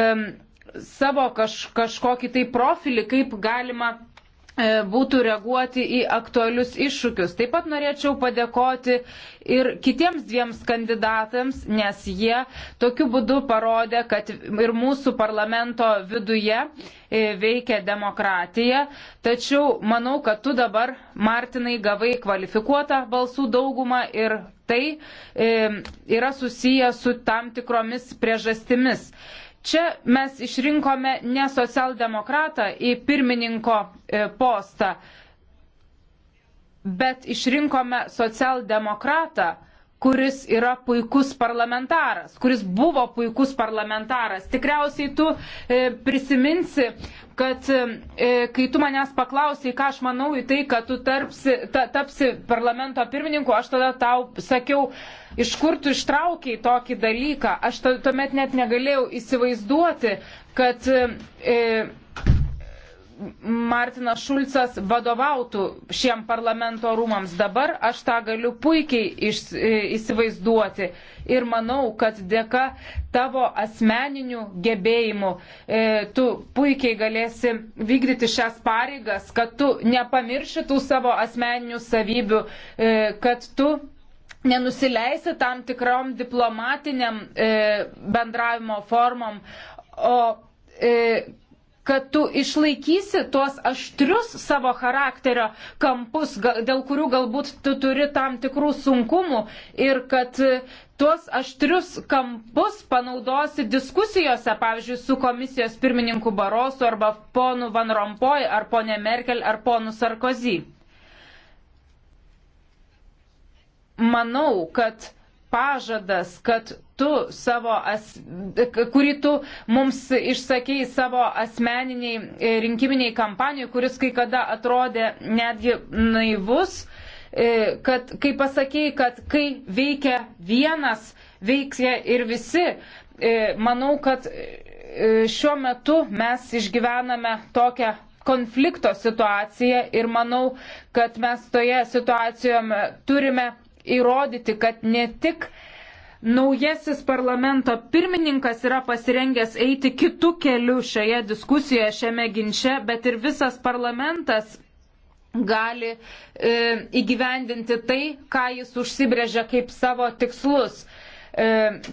um, savo kaž, kažkokį tai profilį, kaip galima E, būtų reaguoti į aktualius iššūkius. Taip pat norėčiau padėkoti ir kitiems dviems kandidatams, nes jie tokiu būdu parodė, kad ir mūsų parlamento viduje e, veikia demokratija. Tačiau manau, kad tu dabar, Martinai, gavai kvalifikuotą balsų daugumą ir tai e, yra susiję su tam tikromis priežastimis. Čia mes išrinkome ne socialdemokratą į pirmininko e, postą, bet išrinkome socialdemokratą, kuris yra puikus parlamentaras, kuris buvo puikus parlamentaras. Tikriausiai tu e, prisiminsi kad e, kai tu manęs paklausai, ką aš manau į tai, kad tu tarpsi, ta, tapsi parlamento pirmininku, aš tada tau sakiau, iš kur tu ištraukiai tokį dalyką. Aš tuomet net negalėjau įsivaizduoti, kad. E, Martinas Šulcas vadovautų šiem parlamento rūmams. Dabar aš tą galiu puikiai iš, e, įsivaizduoti ir manau, kad dėka tavo asmeninių gebėjimų e, tu puikiai galėsi vykdyti šias pareigas, kad tu nepamiršitų savo asmeninių savybių, e, kad tu nenusileisi tam tikrom diplomatiniam e, bendravimo formom, o e, kad tu išlaikysi tuos aštrius savo charakterio kampus, dėl kurių galbūt tu turi tam tikrų sunkumų ir kad e, tuos aštrius kampus panaudosi diskusijose, pavyzdžiui, su komisijos pirmininku Barosu arba ponu Van Rompoj ar ponė Merkel ar ponu Sarkozy. Manau, kad pažadas, kad tu savo, as, kurį tu mums išsakėjai savo asmeniniai e, rinkiminiai kampanijai, kuris kai kada atrodė netgi naivus, e, kad kai pasakėjai, kad kai veikia vienas, veikia ir visi, e, manau, kad šiuo metu mes išgyvename tokią konflikto situaciją ir manau, kad mes toje situacijoje turime įrodyti, kad ne tik naujasis parlamento pirmininkas yra pasirengęs eiti kitų kelių šioje diskusijoje, šiame ginče, bet ir visas parlamentas gali e, įgyvendinti tai, ką jis užsibrėžia kaip savo tikslus. E,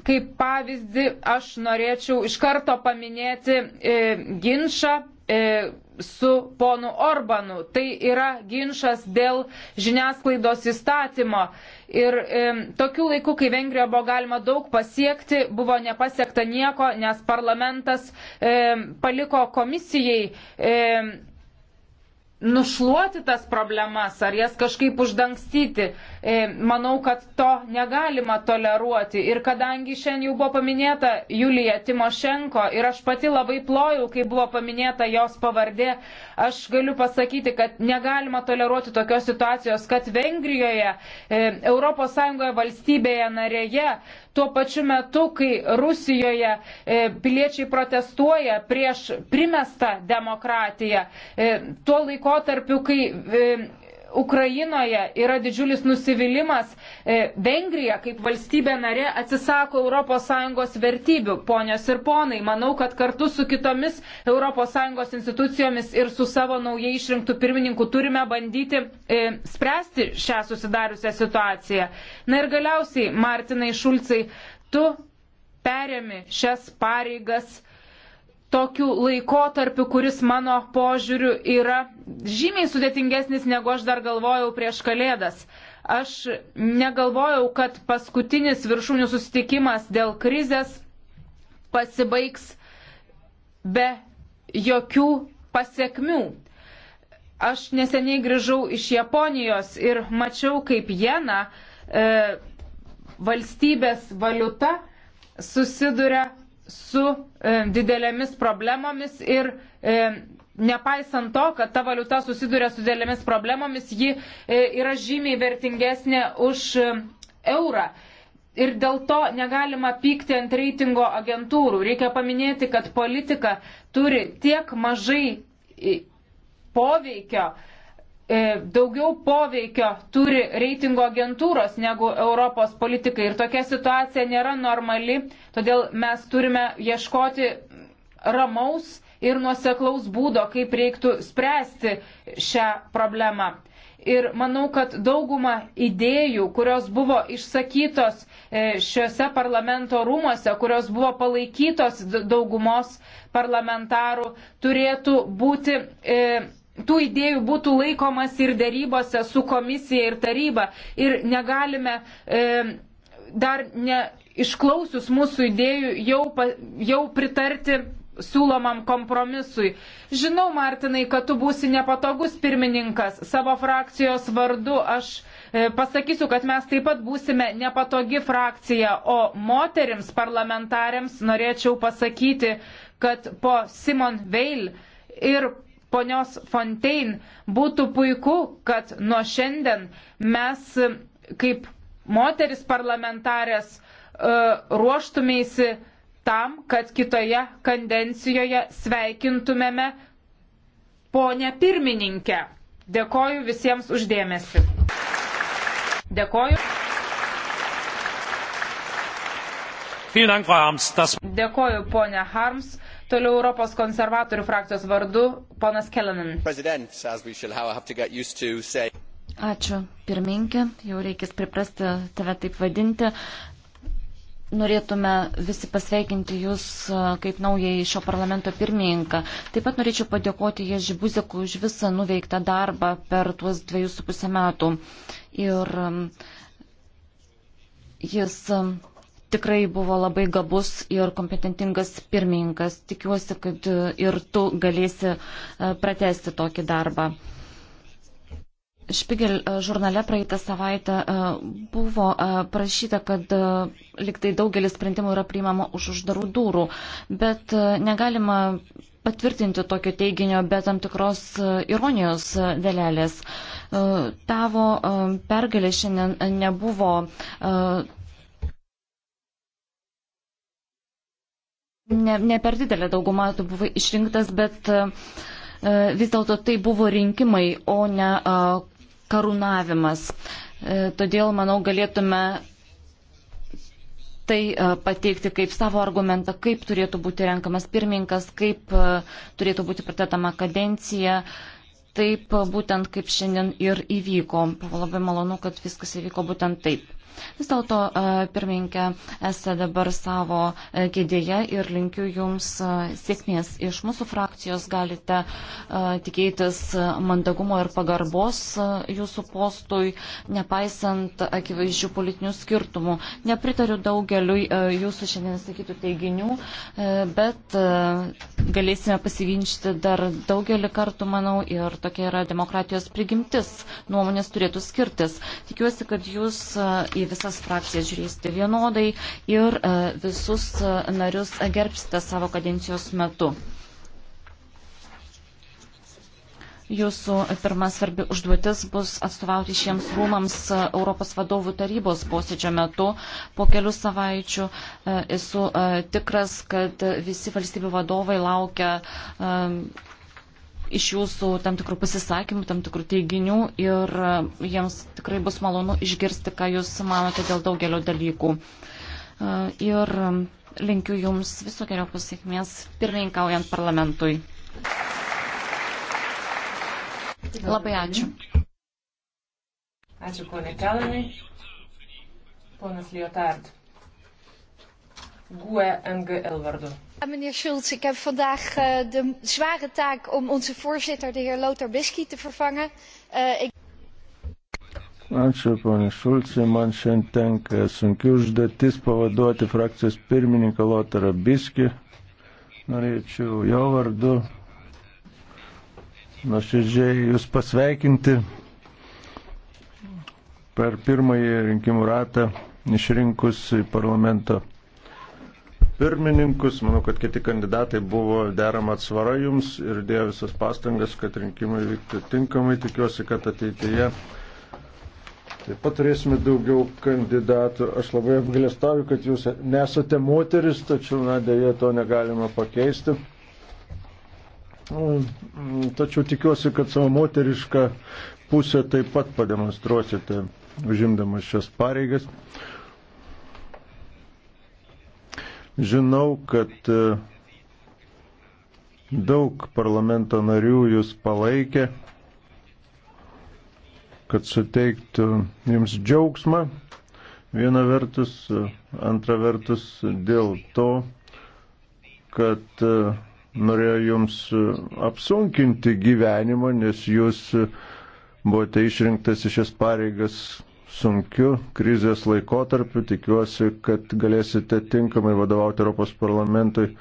kaip pavyzdį aš norėčiau iš karto paminėti e, ginčą E, su ponu Orbanu. Tai yra ginčas dėl žiniasklaidos įstatymo. Ir e, tokiu laiku, kai Vengrijoje buvo galima daug pasiekti, buvo nepasiekta nieko, nes parlamentas e, paliko komisijai. E, nušluoti tas problemas ar jas kažkaip uždangstyti. E, manau, kad to negalima toleruoti. Ir kadangi šiandien jau buvo paminėta Julija Timošenko ir aš pati labai plojau, kai buvo paminėta jos pavardė, aš galiu pasakyti, kad negalima toleruoti tokios situacijos, kad Vengrijoje, ES valstybėje narėje, tuo pačiu metu, kai Rusijoje e, piliečiai protestuoja prieš primestą demokratiją, e, tuo laikotarpiu, kai Ukrainoje yra didžiulis nusivylimas. E, Vengrija kaip valstybė narė atsisako ES vertybių. Ponios ir ponai, manau, kad kartu su kitomis ES institucijomis ir su savo naujai išrinktų pirmininku turime bandyti e, spręsti šią susidariusią situaciją. Na ir galiausiai, Martinai Šulcai, tu perėmi šias pareigas tokiu laikotarpiu, kuris mano požiūriu yra žymiai sudėtingesnis, negu aš dar galvojau prieš kalėdas. Aš negalvojau, kad paskutinis viršūnių susitikimas dėl krizės pasibaigs be jokių pasiekmių. Aš neseniai grįžau iš Japonijos ir mačiau, kaip jena e, valstybės valiuta susiduria su e, didelėmis problemomis ir e, nepaisant to, kad ta valiuta susiduria su didelėmis problemomis, ji e, yra žymiai vertingesnė už e, eurą. Ir dėl to negalima pykti ant reitingo agentūrų. Reikia paminėti, kad politika turi tiek mažai poveikio, e, E, daugiau poveikio turi reitingo agentūros negu Europos politikai. Ir tokia situacija nėra normali, todėl mes turime ieškoti ramaus ir nuoseklaus būdo, kaip reiktų spręsti šią problemą. Ir manau, kad dauguma idėjų, kurios buvo išsakytos e, šiuose parlamento rūmose, kurios buvo palaikytos daugumos parlamentarų, turėtų būti. E, tų idėjų būtų laikomas ir dėrybose su komisija ir taryba. Ir negalime e, dar ne, išklausius mūsų idėjų jau, pa, jau pritarti siūlomam kompromisui. Žinau, Martinai, kad tu būsi nepatogus pirmininkas. Savo frakcijos vardu aš e, pasakysiu, kad mes taip pat būsime nepatogi frakcija, o moterims parlamentarėms norėčiau pasakyti, kad po Simon Veil ir ponios Fontein, būtų puiku, kad nuo šiandien mes e, kaip moteris parlamentarės e, ruoštumėsi tam, kad kitoje kandencijoje sveikintumėme ponę pirmininkę. Dėkoju visiems uždėmesi. Dėkoju. Dėkoju, ponė Harms. Toliau Europos konservatorių frakcijos vardu ponas Kellenin. Ačiū, pirminkė, jau reikės priprasti tave taip vadinti. Norėtume visi pasveikinti Jūs kaip naujai šio parlamento pirmininką. Taip pat norėčiau padėkoti Ježi Buzekui už visą nuveiktą darbą per tuos dviejus su pusę metų. Ir jis tikrai buvo labai gabus ir kompetentingas pirmininkas. Tikiuosi, kad e, ir tu galėsi e, pratesti tokį darbą. Špigel e, žurnale praeitą savaitę buvo prašyta, kad liktai daugelis sprendimų yra priimama už uždarų durų, bet negalima patvirtinti tokio teiginio be tam tikros ironijos dalelės. Tavo pergalė šiandien nebuvo ne, ne per didelė dauguma tu buvai išrinktas, bet e, e, vis dėlto tai buvo rinkimai, o ne e, karūnavimas. Todėl, manau, galėtume tai pateikti kaip savo argumentą, kaip turėtų būti renkamas pirmininkas, kaip turėtų būti pratetama kadencija. Taip būtent kaip šiandien ir įvyko. Buvo labai malonu, kad viskas įvyko būtent taip. Vis dėlto, e, pirmininkė, esate dabar savo e, kėdėje ir linkiu Jums e, sėkmės. Iš mūsų frakcijos galite tikėtis mandagumo ir pagarbos Jūsų postui, nepaisant akivaizdžių politinių skirtumų. Nepritariu daugeliu Jūsų šiandien sakytų teiginių, bet galėsime pasiginčyti dar daugelį kartų, manau, ir tokia yra demokratijos prigimtis. Nuomonės turėtų skirtis. Tikiuosi, kad Jūs į į visas frakcijas žiūrėsite vienodai ir e, visus e, narius gerbsite savo kadencijos metu. Jūsų pirma svarbi užduotis bus atstovauti šiems rūmams e, Europos vadovų tarybos posėdžio metu. Po kelių savaičių esu tikras, kad visi valstybių vadovai laukia iš jūsų tam tikrų pasisakymų, tam tikrų teiginių ir e, jiems tikrai bus malonu išgirsti, ką jūs manote dėl daugelio dalykų. E, ir e, linkiu jums visokiojo pasiekmės pirmininkaujant parlamentui. Labai ačiū. Ačiū, ponė Kelanai. Ponas Liotard. GUE NGL vardu. Meneer Schulz, ik heb vandaag uh, de zware taak om onze voorzitter, de heer Lothar Bisky, te vervangen. Uh, ik... Ačiū, ponė Šulcė. Man šiandien tenka sunkiu užduotis pavaduoti frakcijos pirmininką Lotarą Biskį. Norėčiau jo vardu nuoširdžiai Jūs pasveikinti. Per pirmąjį rinkimų ratą išrinkus į parlamento pirmininkus. Manau, kad kiti kandidatai buvo derama atsvara jums ir dėjo visas pastangas, kad rinkimai vyktų tinkamai. Tikiuosi, kad ateityje taip pat turėsime daugiau kandidatų. Aš labai apgalėstauju, kad jūs nesate moteris, tačiau, na, dėja, to negalima pakeisti. Tačiau tikiuosi, kad savo moterišką pusę taip pat pademonstruosite, užimdamas šias pareigas. Žinau, kad e, daug parlamento narių jūs palaikė, kad suteiktų jums džiaugsmą. Viena vertus, e, antra vertus dėl to, kad e, norėjo jums apsunkinti gyvenimą, nes jūs buvote išrinktas į šias pareigas sunkiu krizės laikotarpiu. Tikiuosi, kad galėsite tinkamai vadovauti Europos parlamentui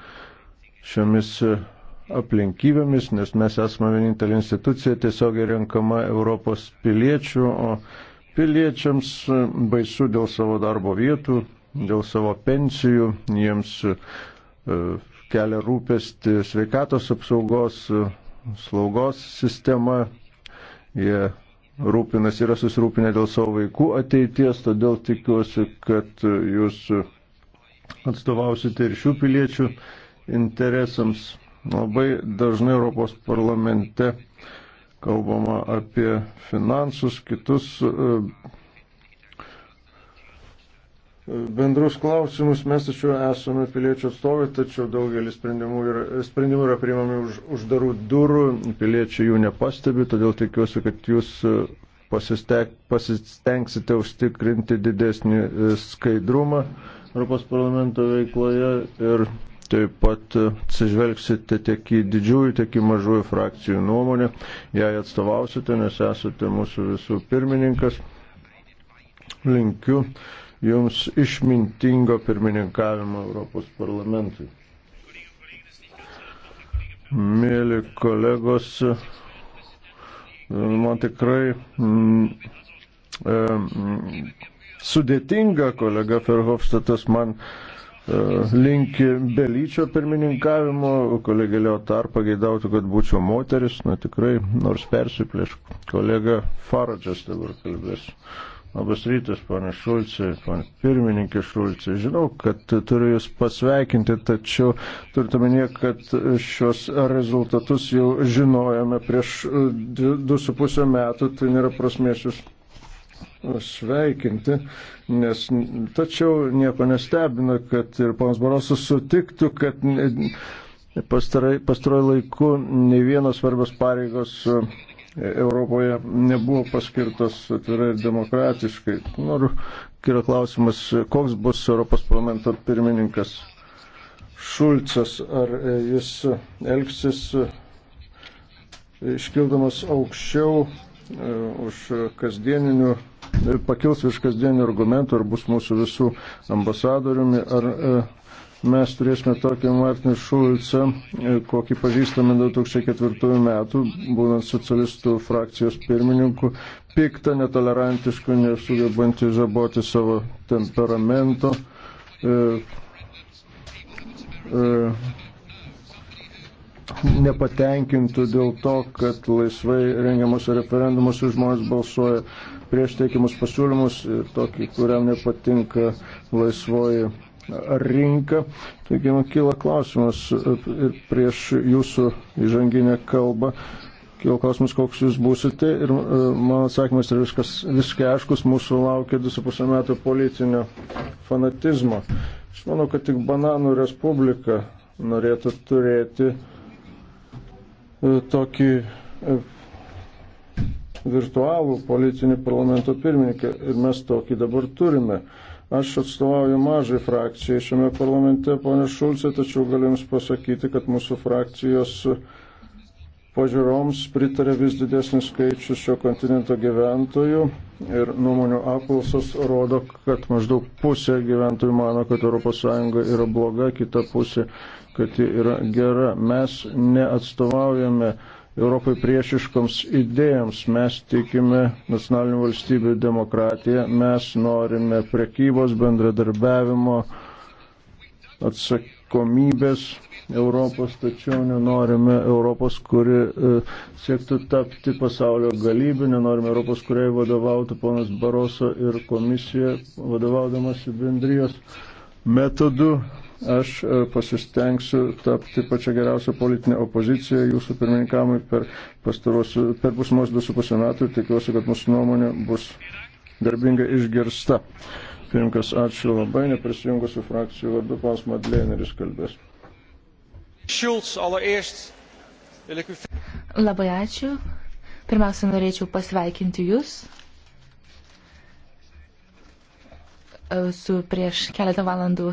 šiomis aplinkybėmis, nes mes esame vienintelė institucija tiesiogiai renkama Europos piliečių, o piliečiams baisu dėl savo darbo vietų, dėl savo pensijų, jiems e, kelia rūpesti sveikatos apsaugos, e, slaugos sistema, jie rūpinasi, yra susirūpinę dėl savo vaikų ateities, todėl tikiuosi, kad jūs atstovausite ir šių piliečių interesams. Labai dažnai Europos parlamente kalbama apie finansus, kitus bendrus klausimus. Mes tačiau esame piliečių atstovai, tačiau daugelis sprendimų yra, sprendimų yra priimami už uždarų durų, piliečiai jų nepastebi, todėl tikiuosi, kad jūs e, pasistengsite užtikrinti didesnį e, skaidrumą Europos parlamento veikloje ir taip pat e, atsižvelgsite tiek į didžiųjų, tiek į mažųjų frakcijų nuomonę, jei atstovausite, nes esate mūsų visų pirmininkas. Linkiu Jums išmintingo pirmininkavimo Europos parlamentui. Mėly kolegos, man tikrai mm, e, mm, sudėtinga kolega Ferhofstatas man e, linki belyčio pirmininkavimo, kolegė Leotar pageidautų, kad būčiau moteris, na tikrai, nors persiplėšku. Kolega Faradžas dabar kalbės. E, Labas rytas, ponė Šulcė, ponė pirmininkė Šulcė. Žinau, kad turiu Jūs pasveikinti, tačiau turite minėję, kad šios rezultatus jau žinojame prieš 2,5 e, metų, tai nėra prasmės Jūs sveikinti, nes tačiau nieko nestebina, kad ir ponas Barosas sutiktų, kad pastarai, pastarai laiku ne vienos svarbios pareigos. Uh, Europoje nebuvo paskirtos atvirai ir demokratiškai. Noriu, kyla klausimas, koks bus Europos parlamento pirmininkas Šulcas, ar e, jis elgsis e, iškildamas aukščiau e, už kasdieninių, pakils virš kasdieninių argumentų, ar bus mūsų visų ambasadoriumi, ar mes turėsime tokį Martiną Šulcą, e, kokį pažįstame 2004 metų, būnant socialistų frakcijos pirmininku, piktą, netolerantišką, nesugebantį žaboti savo temperamento. E, e, nepatenkintų dėl to, kad laisvai rengiamus referendumus žmonės balsuoja prieš teikiamus pasiūlymus, e, tokį, kuriam nepatinka laisvoji rinką. Taigi man kyla klausimas e, ir prieš jūsų įžanginę kalbą. Kilo klausimas, koks jūs būsite ir e, mano atsakymas yra viskas, viskai aiškus, mūsų laukia 2,5 metų politinio fanatizmo. Aš manau, kad tik bananų respublika norėtų turėti e, tokį virtualų politinį parlamento pirmininką ir mes tokį dabar turime. Aš atstovauju mažai frakcijai šiame parlamente, ponė Šulcė, tačiau galim pasakyti, kad mūsų frakcijos pažiūroms pritarė vis didesnis skaičius šio kontinento gyventojų ir nuomonių apklausos rodo, kad maždaug pusė gyventojų mano, kad ES yra bloga, kita pusė, kad ji yra gera. Mes neatstovaujame Europai priešiškoms idėjams. Mes tikime nacionalinių valstybių demokratiją, mes norime prekybos, bendradarbiavimo, atsakomybės Europos, tačiau nenorime Europos, kuri e, siektų tapti pasaulio galybių, nenorime Europos, kuriai vadovautų ponas Baroso ir komisija, vadovaudamasi bendrijos metodu Aš e, pasistengsiu tapti pačią geriausią politinę opoziciją jūsų pirmininkamui per, per busmos 2,5 metų ir tikiuosi, kad mūsų nuomonė bus garbingai išgirsta. Pirmkas, ačiū labai, neprisijungusių frakcijų vardu, pas Madleneris kalbės. Šulc, allereerst wil ik u. Labai ačiū. Pirmiausia, norėčiau pasveikinti Jūs e, su prieš keletą valandų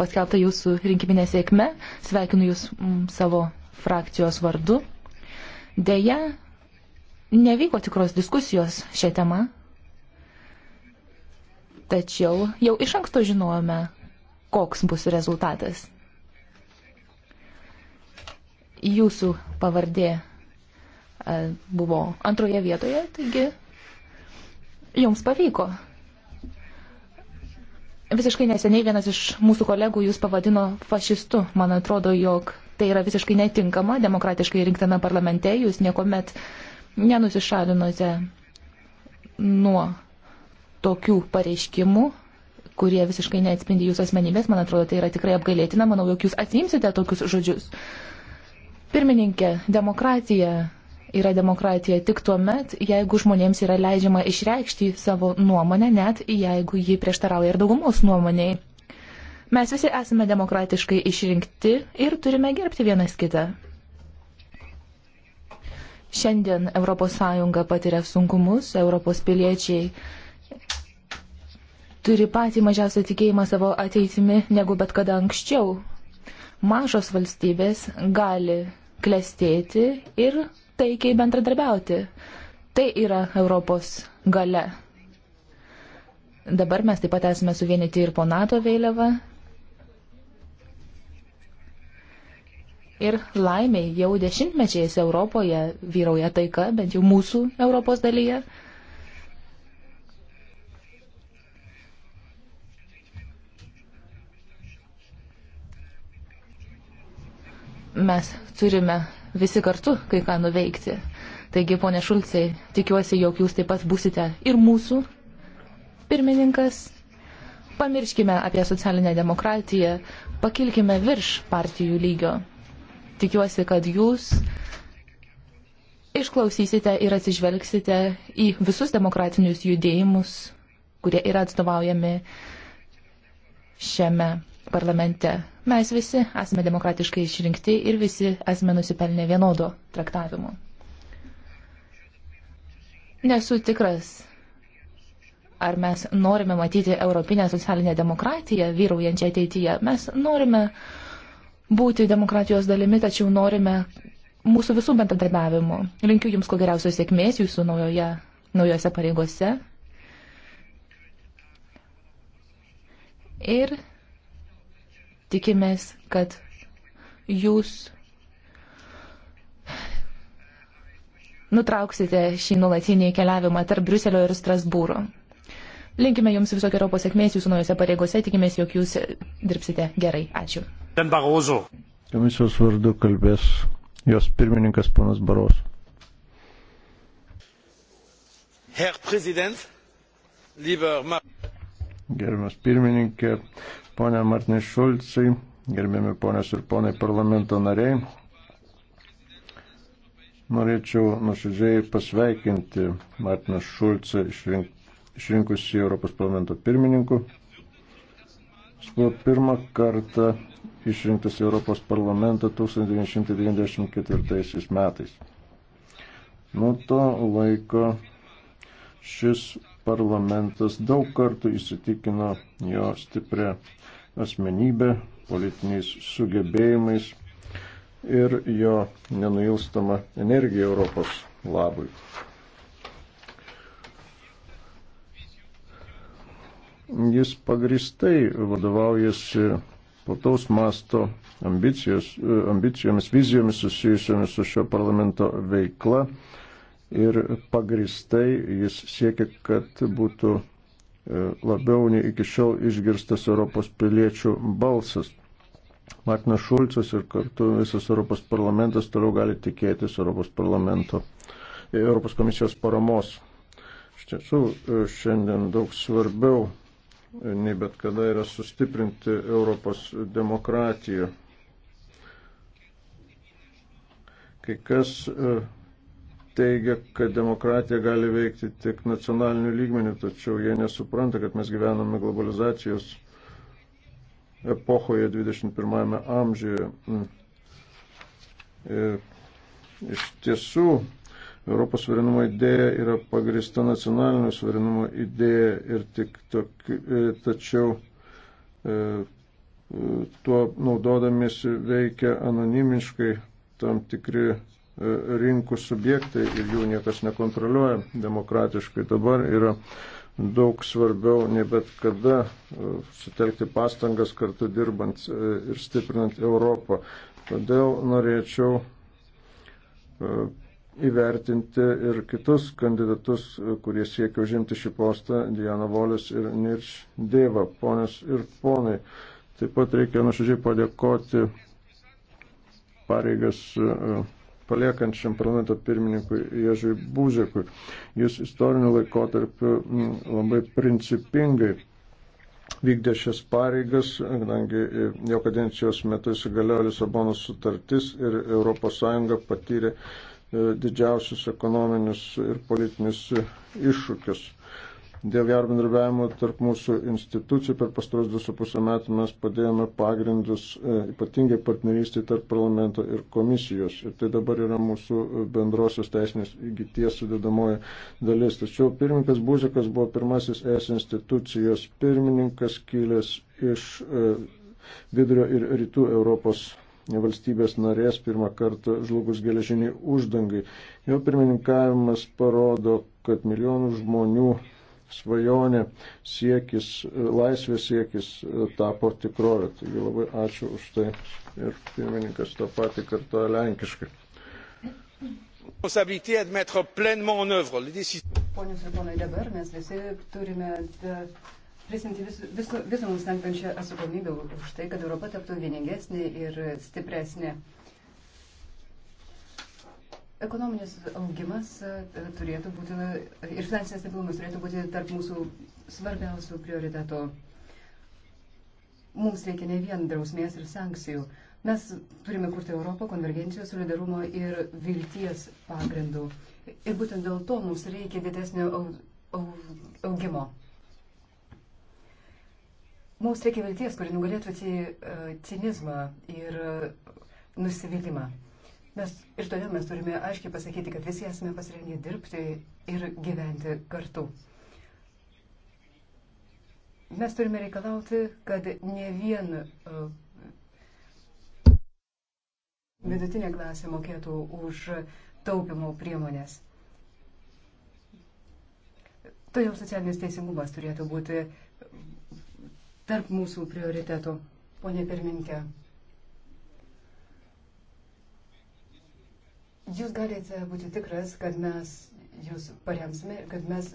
paskelbta jūsų rinkiminė sėkme. Sveikinu jūs mm, savo frakcijos vardu. Deja, nevyko tikros diskusijos šią temą. Tačiau jau iš anksto žinojome, koks bus rezultatas. Jūsų pavardė e, buvo antroje vietoje, taigi jums pavyko Visiškai neseniai vienas iš mūsų kolegų jūs pavadino fašistu. Man atrodo, jog tai yra visiškai netinkama demokratiškai rinktame parlamente. Jūs niekuomet nenusišalinote nuo tokių pareiškimų, kurie visiškai neatspindi jūsų asmenybės. Man atrodo, tai yra tikrai apgailėtina. Manau, jog jūs atsimsite tokius žodžius. Pirmininkė, demokratija yra demokratija tik tuo met, jeigu žmonėms yra leidžiama išreikšti savo nuomonę, net jeigu ji prieštarauja ir daugumos nuomoniai. Mes visi esame demokratiškai išrinkti ir turime gerbti vienas kitą. Šiandien ES patiria sunkumus, Europos piliečiai turi patį mažiausią tikėjimą savo ateitimi negu bet kada anksčiau. Mažos valstybės gali klestėti ir taikiai bendradarbiauti. Tai yra Europos gale. Dabar mes taip pat esame suvienyti ir po NATO vėliava. Ir laimiai jau dešimtmečiais Europoje vyrauja taika, bent jau mūsų Europos dalyje. Mes turime visi kartu kai ką nuveikti. Taigi, ponė Šulcai, tikiuosi, jog jūs taip pat būsite ir mūsų pirmininkas. Pamirškime apie socialinę demokratiją, pakilkime virš partijų lygio. Tikiuosi, kad jūs išklausysite ir atsižvelgsite į visus demokratinius judėjimus, kurie yra atstovaujami šiame parlamente. Mes visi esame demokratiškai išrinkti ir visi esame nusipelnę vienodo traktavimo. Nesu tikras, ar mes norime matyti Europinę socialinę demokratiją vyraujančią ateityje. Mes norime būti demokratijos dalimi, tačiau norime mūsų visų bendradarbiavimo. Linkiu Jums ko geriausios sėkmės Jūsų naujoje, naujose pareigose. Ir Tikimės, kad jūs nutrauksite šį nulatinį keliavimą tarp Briuselio ir Strasbūro. Linkime Jums visokio pasiekmės Jūsų naujose pareigose, tikimės, jog Jūs dirbsite gerai. Ačiū. Komisijos vardu kalbės jos pirmininkas ponas Baros. Herr Präsident, lieber Gerbiamas pirmininkė, Pone Martinai Šulcai, gerbiami ponios ir ponai parlamento nariai, norėčiau nuoširdžiai pasveikinti Martiną Šulcą išrink, išrinkusi Europos parlamento pirmininku. Jis buvo pirmą kartą išrinktas Europos parlamento 1994 metais. Nuo to laiko šis parlamentas daug kartų įsitikino jo stiprią asmenybė, politiniais sugebėjimais ir jo nenuilstama energija Europos labui. Jis pagristai vadovaujasi plataus masto ambicijomis, vizijomis susijusiomis su šio parlamento veikla ir pagristai jis siekia, kad būtų E, labiau nei iki šiol išgirstas Europos piliečių balsas. Martinas Šulcas ir kartu visas Europos parlamentas toliau gali tikėtis Europos parlamento, e, Europos komisijos paramos. Iš tiesų, e, šiandien daug svarbiau nei bet kada yra sustiprinti Europos demokratiją. Kai kas teigia, kad demokratija gali veikti tik nacionaliniu lygmeniu, tačiau jie nesupranta, kad mes gyvename globalizacijos epochoje 21 amžiuje. Ir iš tiesų Europos suverenumo idėja yra pagrista nacionalinio suverenumo idėja ir tik tokiu, e, tačiau e, e, tuo naudodamiesi veikia anonimiškai tam tikri E, rinkų subjektai ir jų niekas nekontroliuoja demokratiškai. Dabar yra daug svarbiau nei bet kada e, sutelkti pastangas kartu dirbant e, ir stiprinant Europą. Todėl norėčiau įvertinti ir kitus kandidatus, kurie siekia užimti šį postą, Diana Volis ir Nirš Dėva, ponės ir ponai. Taip pat reikia nuoširdžiai padėkoti pareigas uh, paliekančiam parlamento pirmininkui Ježui Būzekui. Jis istoriniu laikotarpiu mm, labai principingai vykdė šias pareigas, kadangi jo kadencijos metu įsigaliojo Lisabonos sutartis ir ES patyrė e, didžiausius ekonominius ir politinius iššūkius. Dėl gero bendradarbiavimo tarp mūsų institucijų per pastaros 2,5 metų mes padėjome pagrindus e, ypatingai partnerystį tarp parlamento ir komisijos. Ir tai dabar yra mūsų bendrosios teisinės įgyties sudėdamoji dalis. Tačiau pirmininkas Buzikas buvo pirmasis ES institucijos pirmininkas kilęs iš e, vidurio ir rytų Europos valstybės narės pirmą kartą žlugus geležiniai uždangai. Jo pirmininkavimas parodo, kad milijonų žmonių svajonė, siekis, e, laisvės siekis e, tapo tikrovė. Taigi labai ačiū už tai ir pirmininkas tą patį kartoja lenkiškai. Ponios ir ponai, dabar mes visi turime e, prisimti visą vis, vis mums tenkančią atsakomybę už tai, kad Europa taptų vieningesnė ir stipresnė. Ekonominis augimas e, turėtų būti ir finansinis stabilumas turėtų būti tarp mūsų svarbiausių prioritetų. Mums reikia ne vien drausmės ir sankcijų. Mes turime kurti Europą konvergencijos, solidarumo ir vilties pagrindų. Ir būtent dėl to mums reikia didesnio augimo. Mums reikia vilties, kuri nugalėtų e, cinizmą ir nusivylimą. Mes, ir todėl mes turime aiškiai pasakyti, kad visi esame pasirengę dirbti ir gyventi kartu. Mes turime reikalauti, kad ne vien uh, vidutinė klasė mokėtų už taupimo priemonės. Todėl socialinis teisingumas turėtų būti tarp mūsų prioritetų. Pone pirmininkė. Jūs galite būti tikras, kad mes jūs paremsime ir kad mes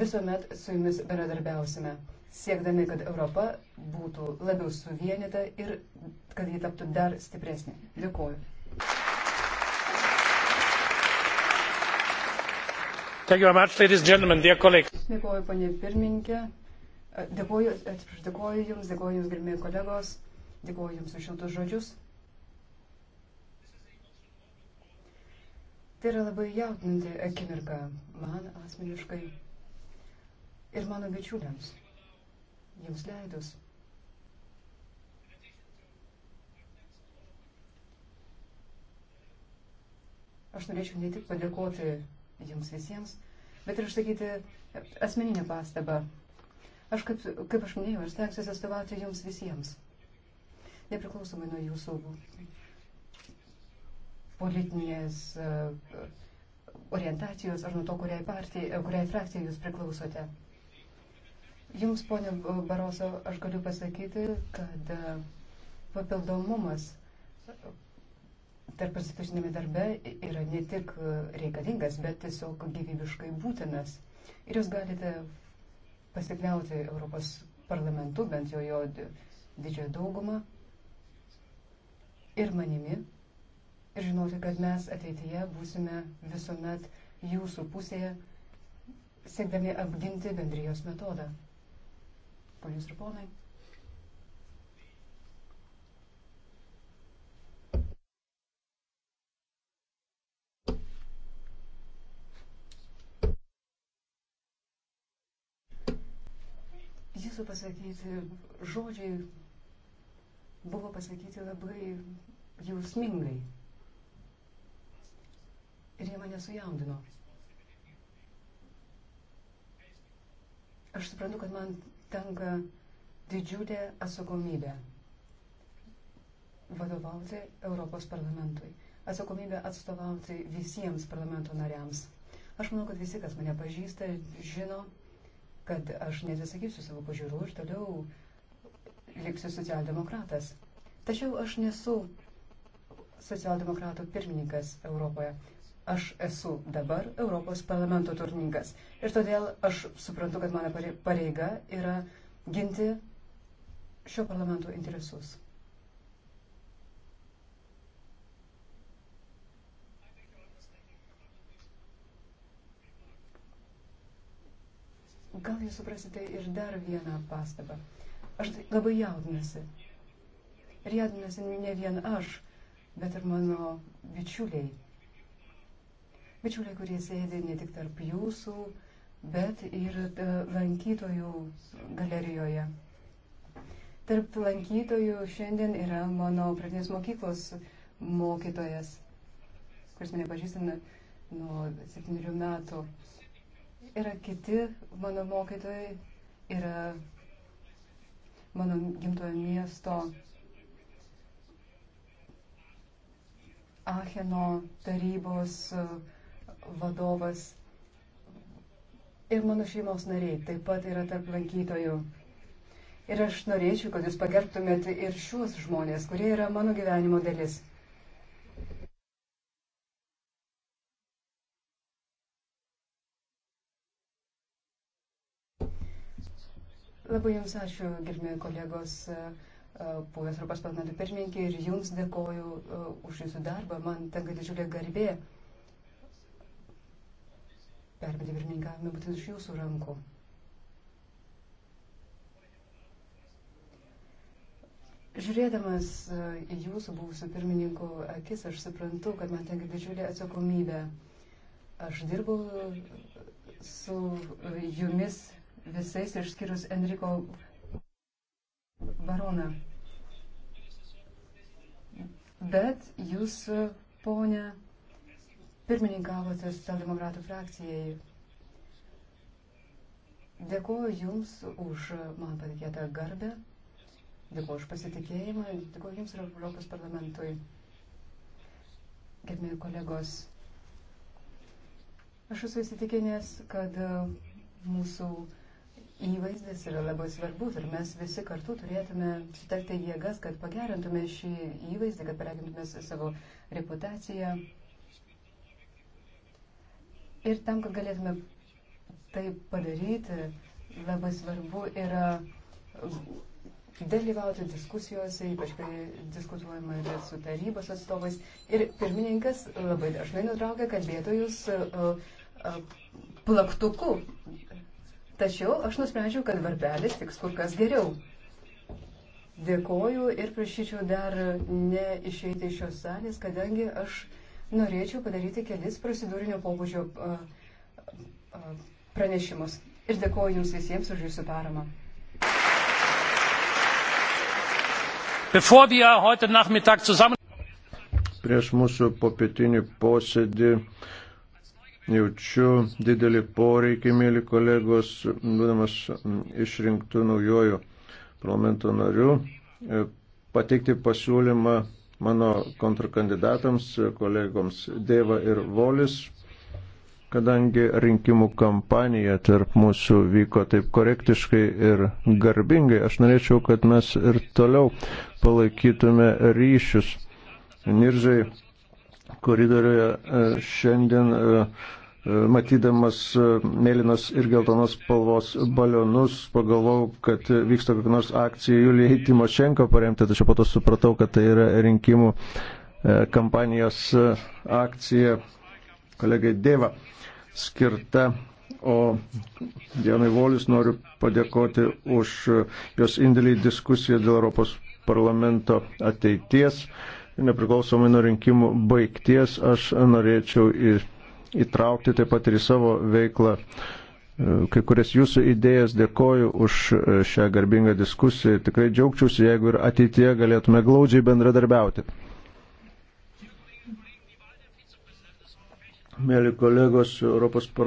visuomet su jumis bendradarbiausime, siekdami, kad Europa būtų labiau suvienita ir kad ji taptų dar stipresnė. Dėkuoju. Dėkuoju, ponė pirmininkė. Dėkuoju, atsiprašau, dėkuoju jums, dėkuoju jums, gerbėjai kolegos, dėkuoju jums už šiltus žodžius. Tai yra labai jaudinanti akimirka man asmeniškai ir mano bičiuliams, jums leidus. Aš norėčiau ne tik padėkoti jums visiems, bet ir išsakyti asmeninę pastabą. Aš, kaip, kaip aš minėjau, aš stengsiuosi atstovauti jums visiems, nepriklausomai nuo jūsų politinės e, orientacijos ar nuo to, kuriai, partijai, e, kuriai frakcijai jūs priklausote. Jums, ponė Baroso, aš galiu pasakyti, kad e, papildomumas tarp institucinėme darbe yra ne tik reikalingas, bet tiesiog gyvybiškai būtinas. Ir jūs galite pasikliauti Europos parlamentu, bent jau jo didžiąją daugumą ir manimi ir žinoti, kad mes ateityje būsime visuomet jūsų pusėje, siekdami apginti bendrijos metodą. Ponius ir ponai. Jūsų pasakyti žodžiai buvo pasakyti labai jausmingai ir jie mane sujaudino. Aš suprantu, kad man tenka didžiulė atsakomybė vadovauti Europos parlamentui, atsakomybė atstovauti visiems parlamento nariams. Aš manau, kad visi, kas mane pažįsta, žino, kad aš nesisakysiu savo pažiūrų ir toliau liksiu socialdemokratas. Tačiau aš nesu socialdemokratų pirmininkas Europoje aš esu dabar Europos parlamento turningas. Ir todėl aš suprantu, kad mano pareiga yra ginti šio parlamento interesus. Gal jūs suprasite ir dar vieną pastabą. Aš tai labai jaudinasi. Ir jaudinasi ne vien aš, bet ir mano bičiuliai bičiuliai, kurie sėdi ne tik tarp jūsų, bet ir e, lankytojų galerijoje. Tarp lankytojų šiandien yra mano pradinės mokyklos mokytojas, kuris mane pažįstina nuo 7 metų. Yra kiti mano mokytojai, yra mano gimtojo miesto Acheno tarybos uh, vadovas ir mano šeimos nariai taip pat yra tarp lankytojų. Ir aš norėčiau, kad jūs pagerbtumėte ir šiuos žmonės, kurie yra mano gyvenimo dalis. Labai Jums ačiū, gerbėjai kolegos, buvęs Europos parlamento pirmininkė ir Jums dėkoju už Jūsų darbą. Man tenka didžiulė garbė perimti pirmininkavimą nu, būtent iš jūsų rankų. Žiūrėdamas e, į jūsų buvusių pirmininkų akis, aš suprantu, kad man tenka didžiulė atsakomybė. Aš dirbau su jumis visais išskyrus Enriko baroną. Bet jūs, ponė, pirmininkavote socialdemokratų frakcijai. Dėkuoju Jums už man patikėtą garbę, dėkuoju už pasitikėjimą, dėkuoju Jums ir Europos parlamentui. Gerbėjai kolegos, aš esu įsitikinęs, kad mūsų įvaizdis yra labai svarbus ir mes visi kartu turėtume sutelkti jėgas, kad pagerintume šį įvaizdį, kad paregintume savo reputaciją. Ir tam, kad galėtume tai padaryti, labai svarbu yra dalyvauti diskusijose, ypač kai diskutuojama yra su tarybos atstovais. Ir pirmininkas labai dažnai nutraukia kalbėtojus e, e, plaktuku. Tačiau aš nusprendžiau, kad varpelis tiks kur kas geriau. Dėkoju ir prašyčiau dar neišeiti iš šios salės, kadangi aš norėčiau padaryti kelis procedūrinio pobūdžio pranešimus. Ir dėkoju Jums visiems už Jūsų paramą. Bevor wir heute Nachmittag zusammen prieš mūsų popietinį posėdį jaučiu didelį poreikį, mėly kolegos, būdamas išrinktų naujojų parlamento narių, e, pateikti pasiūlymą mano kontrkandidatams, kolegoms Dėva ir Volis, kadangi rinkimų kampanija tarp mūsų vyko taip korektiškai ir garbingai, aš norėčiau, kad mes ir toliau palaikytume ryšius. Niržai koridoriuje e, šiandien e, E, matydamas e, mėlynos ir geltonos spalvos balionus, pagalvojau, kad vyksta kokia nors akcija Julijai Timošenko paremti, tačiau po to supratau, kad tai yra rinkimų e, kampanijos akcija kolegai Dėva skirta. O Dienai Volis noriu padėkoti už jos indėlį į diskusiją dėl Europos parlamento ateities. Nepriklausomai nuo rinkimų baigties, aš norėčiau į įtraukti taip pat ir į savo veiklą kai kurias jūsų idėjas. Dėkoju už šią garbingą diskusiją. Tikrai džiaugčiausi, jeigu ir ateitie galėtume glaudžiai bendradarbiauti. Mėly kolegos, Europos parlamento.